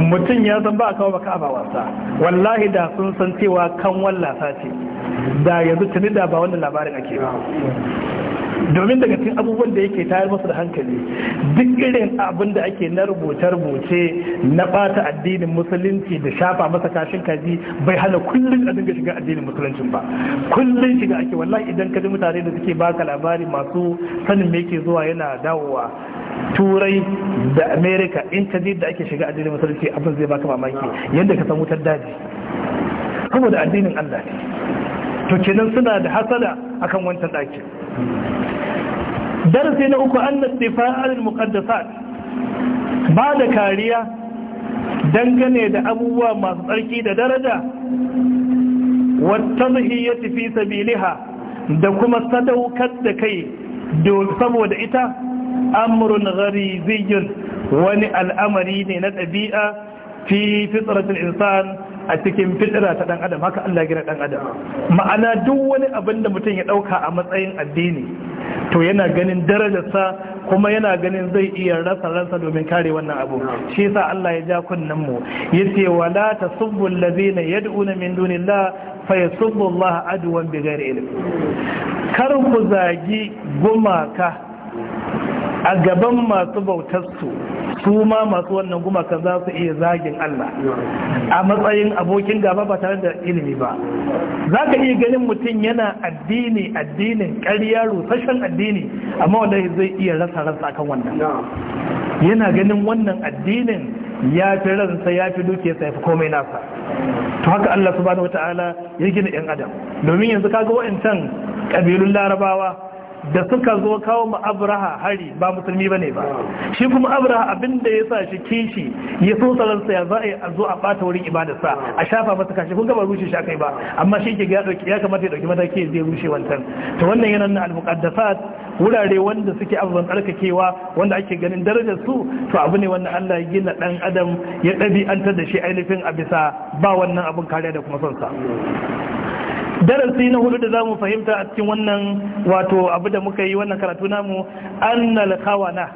mutum ya zan ba a kawo baka ba wasa wallahi da sun san cewa kan wallasa ce da yanzu tuni da ba wannan labarin ake ba domin daga cikin abubuwan da yake tayar masu da hankali duk irin abin da ake na rubuce-rubuce na bata addinin musulunci da shafa masa kashin kaji bai hana kullum a dinga shiga addinin musuluncin ba kullum shiga ake wallahi idan ka ji mutane da suke baka labari masu sanin me yake zuwa yana dawowa turai da america in ka da ake shiga addinin musulunci abin zai baka mamaki yadda ka san wutar daji Saboda addinin allah ne to kenan suna da hasada akan wancan ɗakin darasi na uku an nasifa alil muqaddasat ba da kariya dangane da abubuwa masu tsarki da daraja wata fi sabiliha da kuma sadaukar da kai saboda ita amrun ghariziyun wani al'amari ne na ɗabi'a fi fitratul insan a cikin fitra ta dan adam haka Allah gina dan adam ma'ana duk wani abin da mutum ya dauka a matsayin addini to yana ganin darajarsa kuma yana ganin zai iya rasa ransa domin kare wannan abu shi yasa Allah ya ja kunnan mu yace wala tasubbu allazina yad'una min dunillah fa yasubbu Allah adwan bighairi ilm kar ku zagi gumaka a gaban masu bautarsu su ma masu wannan gumakan za su iya zagin Allah a matsayin abokin gaba ba tare da ilimi ba za ka iya ganin mutum yana addini addinin ƙarya rusashen addini amma wanda zai iya rasa rasa kan wannan yana ganin wannan addinin ya fi ransa ya fi dukiyarsa ya fi komai nasa to haka Allah subhanahu wata'ala ya gina 'yan adam domin yanzu kaga wa'ancan ƙabilun larabawa da suka zo kawo ma abraha hari ba musulmi bane ba shi kuma abraha abinda ya sa shi kishi ya so salansa ya za a zo a bata wurin ibadarsa a shafa masa kashi kun gaba rushe shakai ba amma shi ke gaya dauki ya kamata ya dauki mataki zai rushe wancan to wannan yana na al-muqaddasat wurare wanda suke abubuwan tsarkakewa wanda ake ganin darajar su to abu ne wanda Allah ya gina dan adam ya dabi'antar da shi ainihin a bisa ba wannan abun kariya da kuma son sa darasi na hudu da za mu fahimta a cikin wannan wato abu da muka yi wannan karatu namu annal khawana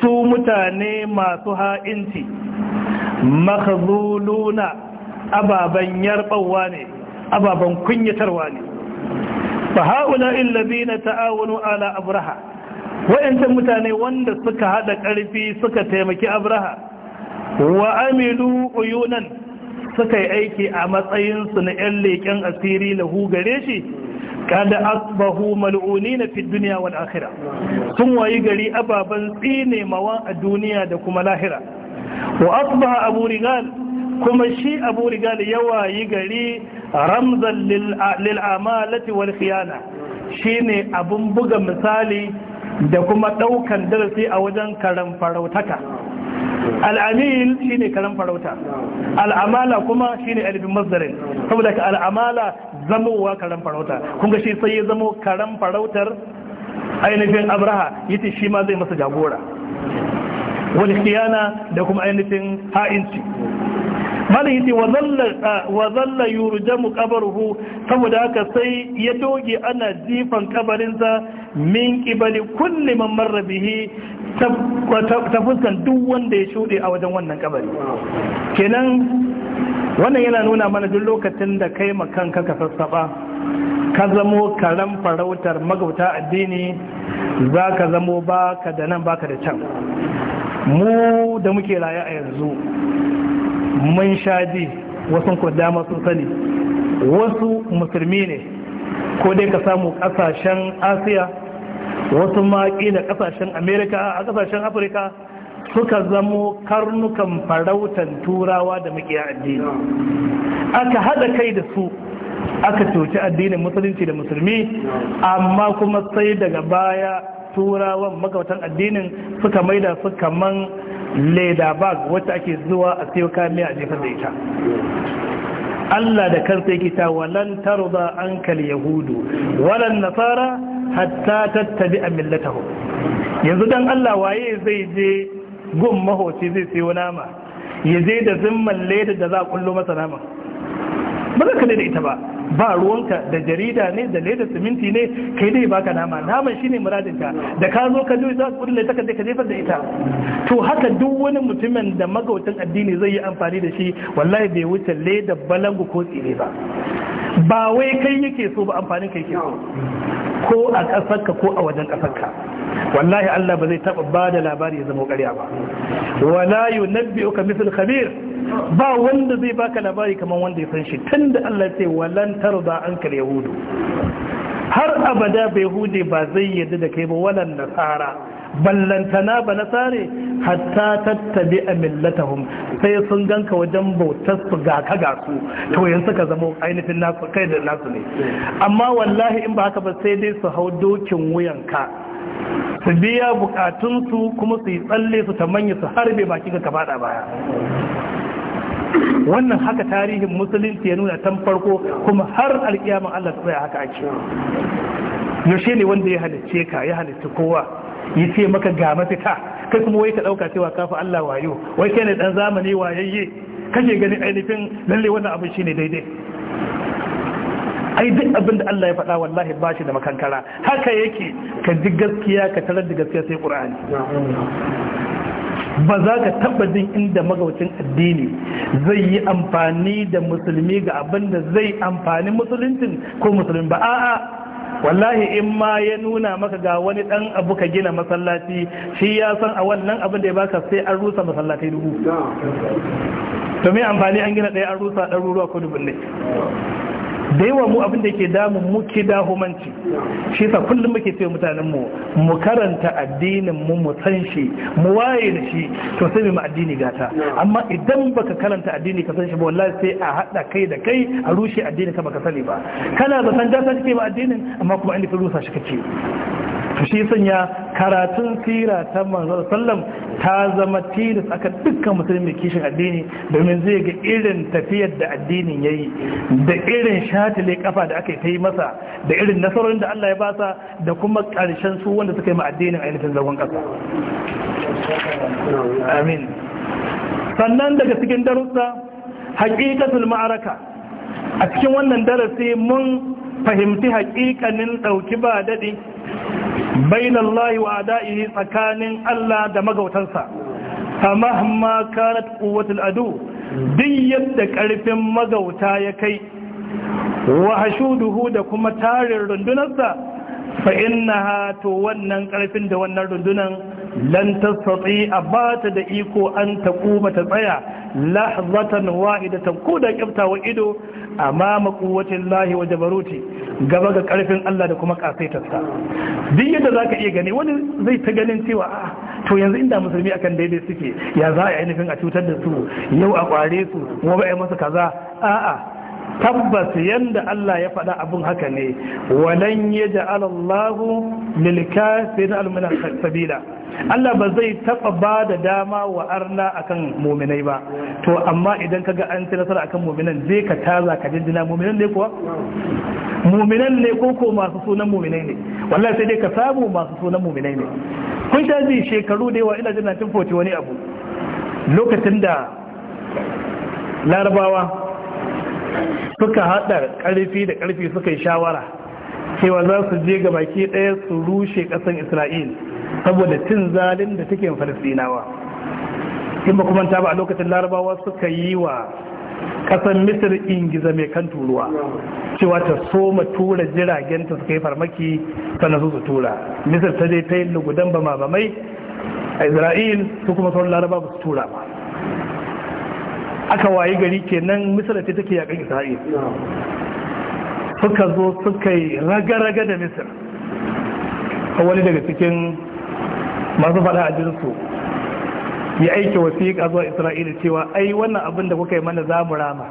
su mutane masu ha'inci makhzuluna ababan yarbawa ne ababan kunyatarwa ne fa haula illazina ta'awunu ala abraha wa'ancan mutane wanda suka hada karfi suka taimaki abraha wa amilu uyunan suka yi aiki a matsayinsu na 'yan leƙen asiri lahu gare shi kada asbahu mal'uni na fi duniya wal akhira sun wayi gari ababen tsine mawa a duniya da kuma lahira wa asbaha abu rigal kuma shi abu rigal ya wayi gari ramzan lil amalati wal khiyana shine abun buga misali da kuma daukan darasi a wajen karan farautaka al'amil ne karan farauta al'amala kuma shi ne alifin masdarin saboda ka al'amala zamowa karan farauta kun shi sai ya zamo karan farautar ainihin abraha yace shi ma zai masa jagora wani kiyana da kuma ainihin ha'inci malin yace wa zalla yurjamu hu, saboda haka sai ya doge ana jifan kabarinsa min kibali kulle man rabihi ta fuskan duk wanda ya shuɗe a wajen wannan kabari kenan wannan yana nuna mana duk lokacin da kai makanka ka sassaɓa ka zamo karen farautar magauta addini za ka zamo ba ka da nan ba ka da can mu da muke raye a yanzu mun ji wasu kudama sun sani wasu musulmi ne ko dai ka samu ƙasashen asiya wasu maƙi na ƙasashen amerika a ƙasashen afirka suka zamo karnukan farautan turawa da makiya addini aka haɗa kai da su aka coci addinin musulunci da musulmi amma kuma sai daga baya turawan magautan addinin suka maida su kaman leda bag wacce ake zuwa a siyo kamiya a jefar da ita Allah da kansa yake ta walan tarda ankal yahudu walan nasara hatta tattabi a millatahu yanzu don Allah waye zai je gun mahoci zai sayo nama ya je da zimman leda da za a kullo masa nama ba za ka da ita ba ba ruwanka da jarida ne da leda siminti ne kai dai baka nama naman shine muradinka da ka zo ka ji za ku kulle ta kaje ka jefar da ita to haka duk wani mutumin da magautan addini zai yi amfani da shi wallahi bai wuce leda balangu ko tsire ba ba wai kai yake so ba amfanin kai ke so ko a ƙasarka ko a wajen ƙasarka wallahi Allah ba zai taɓa ba da labari ya zama ƙarya ba wala yunabbi'uka mithl khabir ba wanda zai baka labari kamar wanda ya san shi tunda Allah ya ce walan tarda ankal yahudu har abada bai hude ba zai yadda da kai ba walan nasara ballantana ba na tsare hatta tattabi a millatahum sai sun ganka wajen bautar su ga ka ga su to yanzu ka zama ainihin nasu kai da nasu ne amma wallahi in ba haka ba sai dai su hau dokin wuyan ka. su biya bukatunsu kuma su yi tsalle su tamanya su harbe baki ga kafaɗa baya wannan haka tarihin musulunci ya nuna tan farko kuma har alkiyaman Allah ta tsaya haka cewa yaushe ne wanda ya halicce ka ya halicci kowa Yi ce maka ga mafita kai kuma wai ka ɗauka cewa kafa Allah wayo wai kai ne ɗan zamani wayayye kake gani ainihin lalle wannan abin ne daidai ai duk abin da Allah ya faɗa wallahi ba shi da makankara haka yake ka ji gaskiya ka tarar da gaskiya sai ƙur'ani ba za ka taba jin inda magaucin addini zai yi amfani da musulmi ga abin da zai amfani musuluncin ko musulmi ba a'a wallahi in ma ya nuna maka ga wani dan abu ka gina masallaci shi ya san a wannan abin da ya baka sai an rusa masallatai dubu to me amfani an gina ɗaya an rusa ɗaruruwa ko dubu ne da yawa mu abin da yake damun mu da humanci shi sa kullum muke ce mutanen mu mu karanta addinin mu mu san shi mu waye da shi to sai mu addini gata amma idan baka karanta addini ka san shi ba wallahi sai a hada kai da kai a rushe addini ka baka sani ba kana da san gata ba addinin amma kuma inda ka rusa shi kake to shi sanya karatun sira ta manzara sallam ta zama tilis aka dukkan musulmi kishin addini domin zai ga irin tafiyar da addinin yi, da irin shatile kafa da aka yi masa da irin nasarorin da Allah ya basa da kuma karshen su wanda suka yi ma addinin ainihin zagon kasa amin sannan daga cikin darussa hakikatul ma'araka a cikin wannan darasi mun fahimci hakikanin ɗauki ba daɗi bainan layi wa tsakanin Allah da magautansa amma ma kanat quwwatul adu duk yadda karfin magauta ya kai wa hashuduhu da kuma tarin rundunarsa fa innaha hato wannan karfin da wannan rundunan lan a bata da iko an taquma ta tsaya lahzatan wahidatan ko da kyaftawa ido amama quwwatin lahi wa jabaruti gaba ga karfin Allah da kuma kasaitarsa duk yadda zaka iya gani wani zai ta ganin cewa a ah, to yanzu inda musulmi akan daidai suke ya za a yi nufin a cutar da su yau a kware su kuma ba a yi masa kaza a'a tabbas yanda Allah ya faɗa abun haka ne walan ya ja'alallahu lil kafirin al sabila Allah ba zai taba ba da dama wa arna akan muminai ba to amma idan kaga an ci nasara akan muminan zai ka taza ka jinjina muminan ne kuwa muminan ne ko ko masu sunan muminai ne wallahi sai dai ka samu masu sunan muminai ne kun sha ji shekaru da yawa ina jin 1940 wani abu lokacin da larabawa suka hada karfi da karfi suka yi shawara cewa za su je ga baki daya su rushe kasan isra'ila saboda cin zalin da take falastinawa in ba kuma ta ba a lokacin larabawa suka yi wa kasan misir ingiza mai kan turuwa cewa ta soma tura jiragenta suka yi farmaki sannan su su tura misir ta je ta yi lugudan ba mamamai a isra'il su kuma sauran laraba ba su tura ba aka wayi gari kenan misir ce take yakan isra'il suka zo suka yi raga-raga da misir a wani daga cikin masu faɗa a jinsu ya aike wasiƙa zuwa isra'ila cewa ai wannan abin da kuka yi mana za mu rama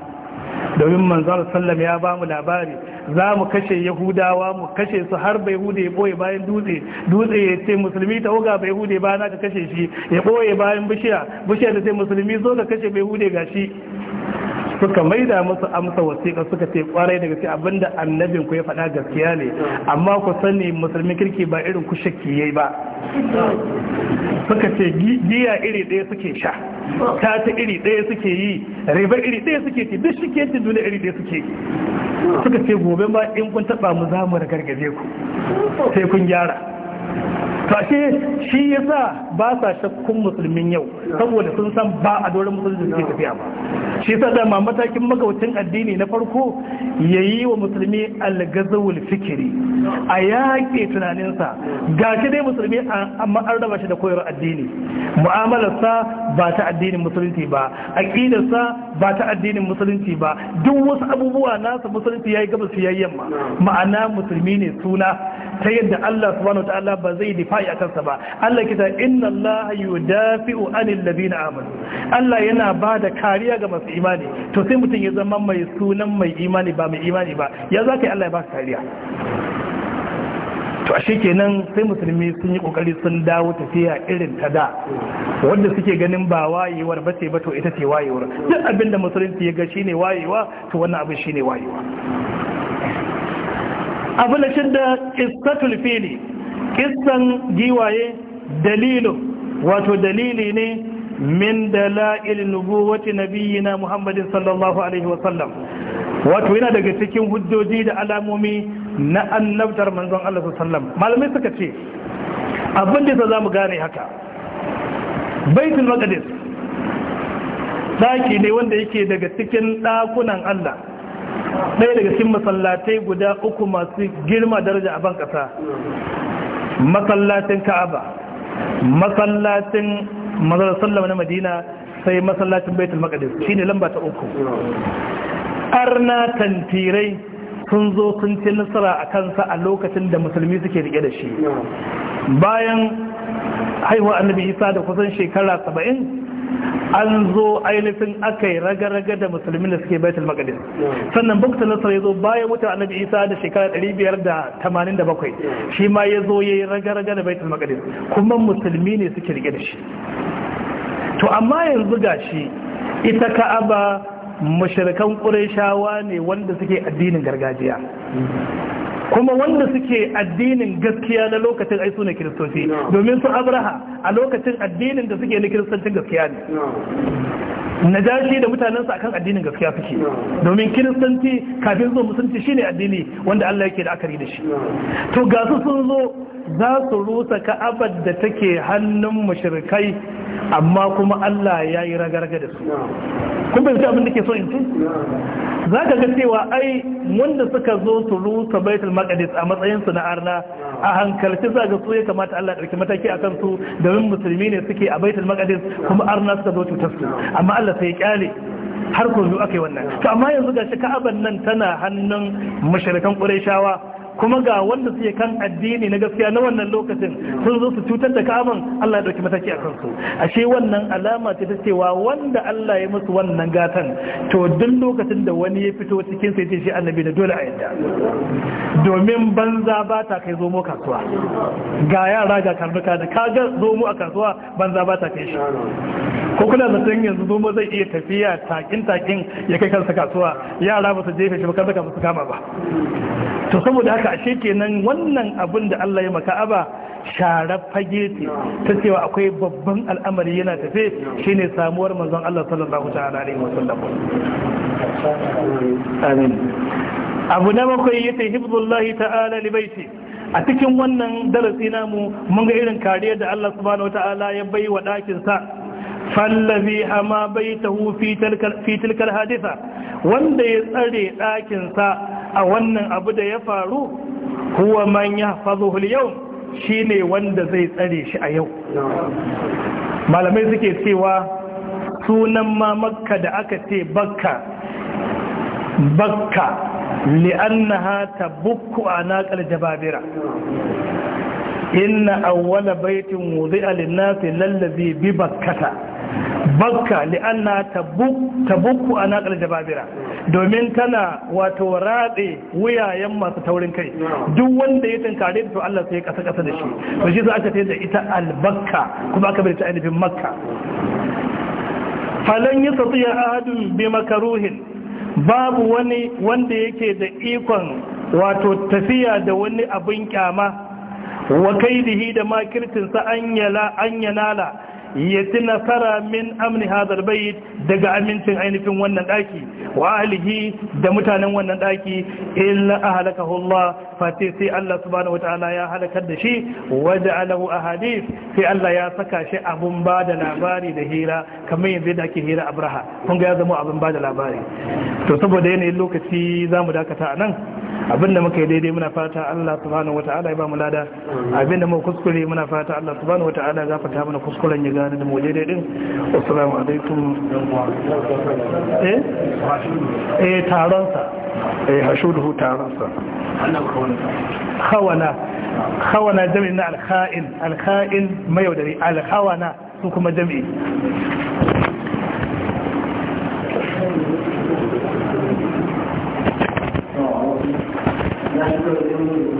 domin manzara sallam ya ba mu labari za mu kashe yahudawa mu kashe su har bai hude ya ɓoye bayan dutse dutse ya ce musulmi ta oga bai hude ba na ka kashe shi ya ɓoye bayan bishiya bishiya da ce musulmi zo ka kashe bai hude ga shi suka maida musu amsa wasiƙa suka ce kwarai daga cikin abinda annabin ku ya faɗa gaskiya ne amma ku sani musulmi kirki ba irin ku shakki yayi ba suka ce giya iri ɗaya suke sha tata iri ɗaya suke yi riba iri ɗaya suke ci duk shi ci iri ɗaya suke yi suka ce gobe ma in kun taɓa mu za mu gargaje ku sai kun gyara kashe shi ya sa ba sa shakkun musulmin yau saboda sun san ba a doron musulmi suke tafiya ba shi da ma matakin magaucin addini na farko ya yi wa musulmi algazawul fikiri a yaƙe tunaninsa Ga shi dai musulmi amma an raba shi da koyar addini mu'amalarsa ba ta addinin musulunci ba aqidarsa ba ta addinin musulunci ba duk wasu abubuwa nasa musulunci ya yayi gabas yayi yamma ma'ana musulmi ne suna ta yadda Allah subhanahu wa ta'ala ba zai difa'i a kansa ba Allah kita inna Allah yudafi'u anil ladina amanu Allah yana ba da kariya ga masu imani to sai mutum ya zama mai sunan mai imani ba mai imani ba ya za ka yi Allah ya ba kariya to ashe kenan sai musulmi sun yi kokari sun dawo tafiya irin ta da wanda suke ganin ba wayewar ba ce ba to ita ce wayewar duk abinda musulunci ya ga shine wayewa to wannan abin shine wayewa abulashin da shidda ƙistatul fili ƙistan giwaye dalilu wato dalili ne min dala'il nubuwati nabiyyina muhammadin sallallahu alaihi wasallam wato yana daga cikin hujjoji da alamomi na annabtar manzon Allah sallam malamai suka ce abin da za mu gane haka baitul maqdis daki ne wanda yake daga cikin dakunan Allah ɗaya daga cikin masallatai guda uku masu girma daraja a ban ƙasa ka'aba masallatin mazal sallama na madina sai masallacin baitul shi ne lamba ta uku arna tantirai sun zo sun ci nasara a kansa a lokacin da musulmi suke rike da shi bayan haihuwa annabi isa da kusan shekara saba'in an zo ainihin aka yi raga-raga da musulmi da suke baitul maqdis sannan bukta nasar ya zo bayan mutum annabi isa da shekara 587 shi ma ya zo ya yi raga-raga da baitul maqdis kuma musulmi ne suke rike da shi to amma yanzu ga shi, ita ka'aba mashirkan ƙurai ne wanda suke addinin gargajiya kuma wanda suke addinin gaskiya na lokacin ai sune kiristoci domin su abraha a lokacin addinin da suke na kiristancin gaskiya ne najashi da mutanensa akan addinin gaskiya suke domin kiristanci kafin zuwa musulunci shine addini wanda Allah yake da akari da shi to ga su sun zo za su rusa ka'abar da take hannun mushrikai amma kuma Allah ya yi ragarga da su kun bai abin da ke so in ce za ka ga cewa ai wanda suka zo su rusa baitul maqdis a matsayin su na arna a hankalci za ga su ya kamata Allah ɗauki mataki akan su domin musulmi ne suke a baitul maqdis kuma arna suka zo cutar su amma Allah sai ya kyale har ko zuwa kai wannan to amma yanzu gashi ka'aban nan tana hannun mashirikan qurayshawa kuma ga wanda suke kan addini na gaskiya na wannan lokacin sun zo su cutar da kamun Allah ya dauki mataki a kansu ashe wannan alama ce ta cewa wanda Allah ya musu wannan gatan to duk lokacin da wani ya fito cikin sai ce shi annabi da dole a yadda domin banza ba ta kai zomo kasuwa ga yara ga karnuka da kaga zomo a kasuwa banza ba ta kai shi ko kuna zaton yanzu zomo zai iya tafiya takin takin ya kai kansa kasuwa yara ba su jefe shi ba kansa ba su kama ba to saboda haka ashe kenan wannan abin da Allah ya maka'aba sharar fage ce ta cewa akwai babban al'amari yana tafe shine samuwar manzon Allah sallallahu ta'ala alaihi wasallam amin abu na bakwai yace hifzullahi ta'ala li baiti a cikin wannan darasi namu mun ga irin kariyar da Allah subhanahu ta'ala ya bai wa dakin sa fallabi hama baitahu fi tilkal hadisa wanda ya tsare ɗakinsa a wannan abu da ya faru huwa man yahfazuhu yau shi ne wanda zai tsare shi a yau malamai suke cewa sunan ma makka da aka ce bakka bakka a tabukku anaqal jababira inna awwala baitin wuzi alinnafi lallabi bi bakkata bakka li'anna tabukku a naƙar jababira domin tana wato ratse wuyayen masu taurin kai duk wanda ya tunkare da to Allah sai ya ƙasa-ƙasa da shi to shi za aka ta da ita albakka kuma aka bari ta ainihin makka falon yi ya ahadun bi makaruhin babu wani wanda yake da ikon wato tafiya da wani abin kyama wa kai da sa an yanala ya ci nasara min amni hadal bayt daga amincin ainihin wannan daki wa da mutanen wannan daki illa ahlakahu Allah fati sai Allah subhanahu wataala ya halakar da shi waja'alahu ahadith sai Allah ya saka shi abun ba da labari da hira kamar yanzu da ake hira abraha kun ga ya zama abun ba da labari to saboda yanayin lokaci zamu dakata anan abinda muka yi daidai muna fata Allah subhanahu wataala ya ba mu lada abinda muka kuskure muna fata Allah subhanahu wataala ya gafarta mana kuskuren ya gane da mu daidai din assalamu alaikum eh eh taron sa eh hashudu taron sa خونا خونا جمع نعم الخائن الخائن ما يودري الخونا سكم جمع نعم. Thank you.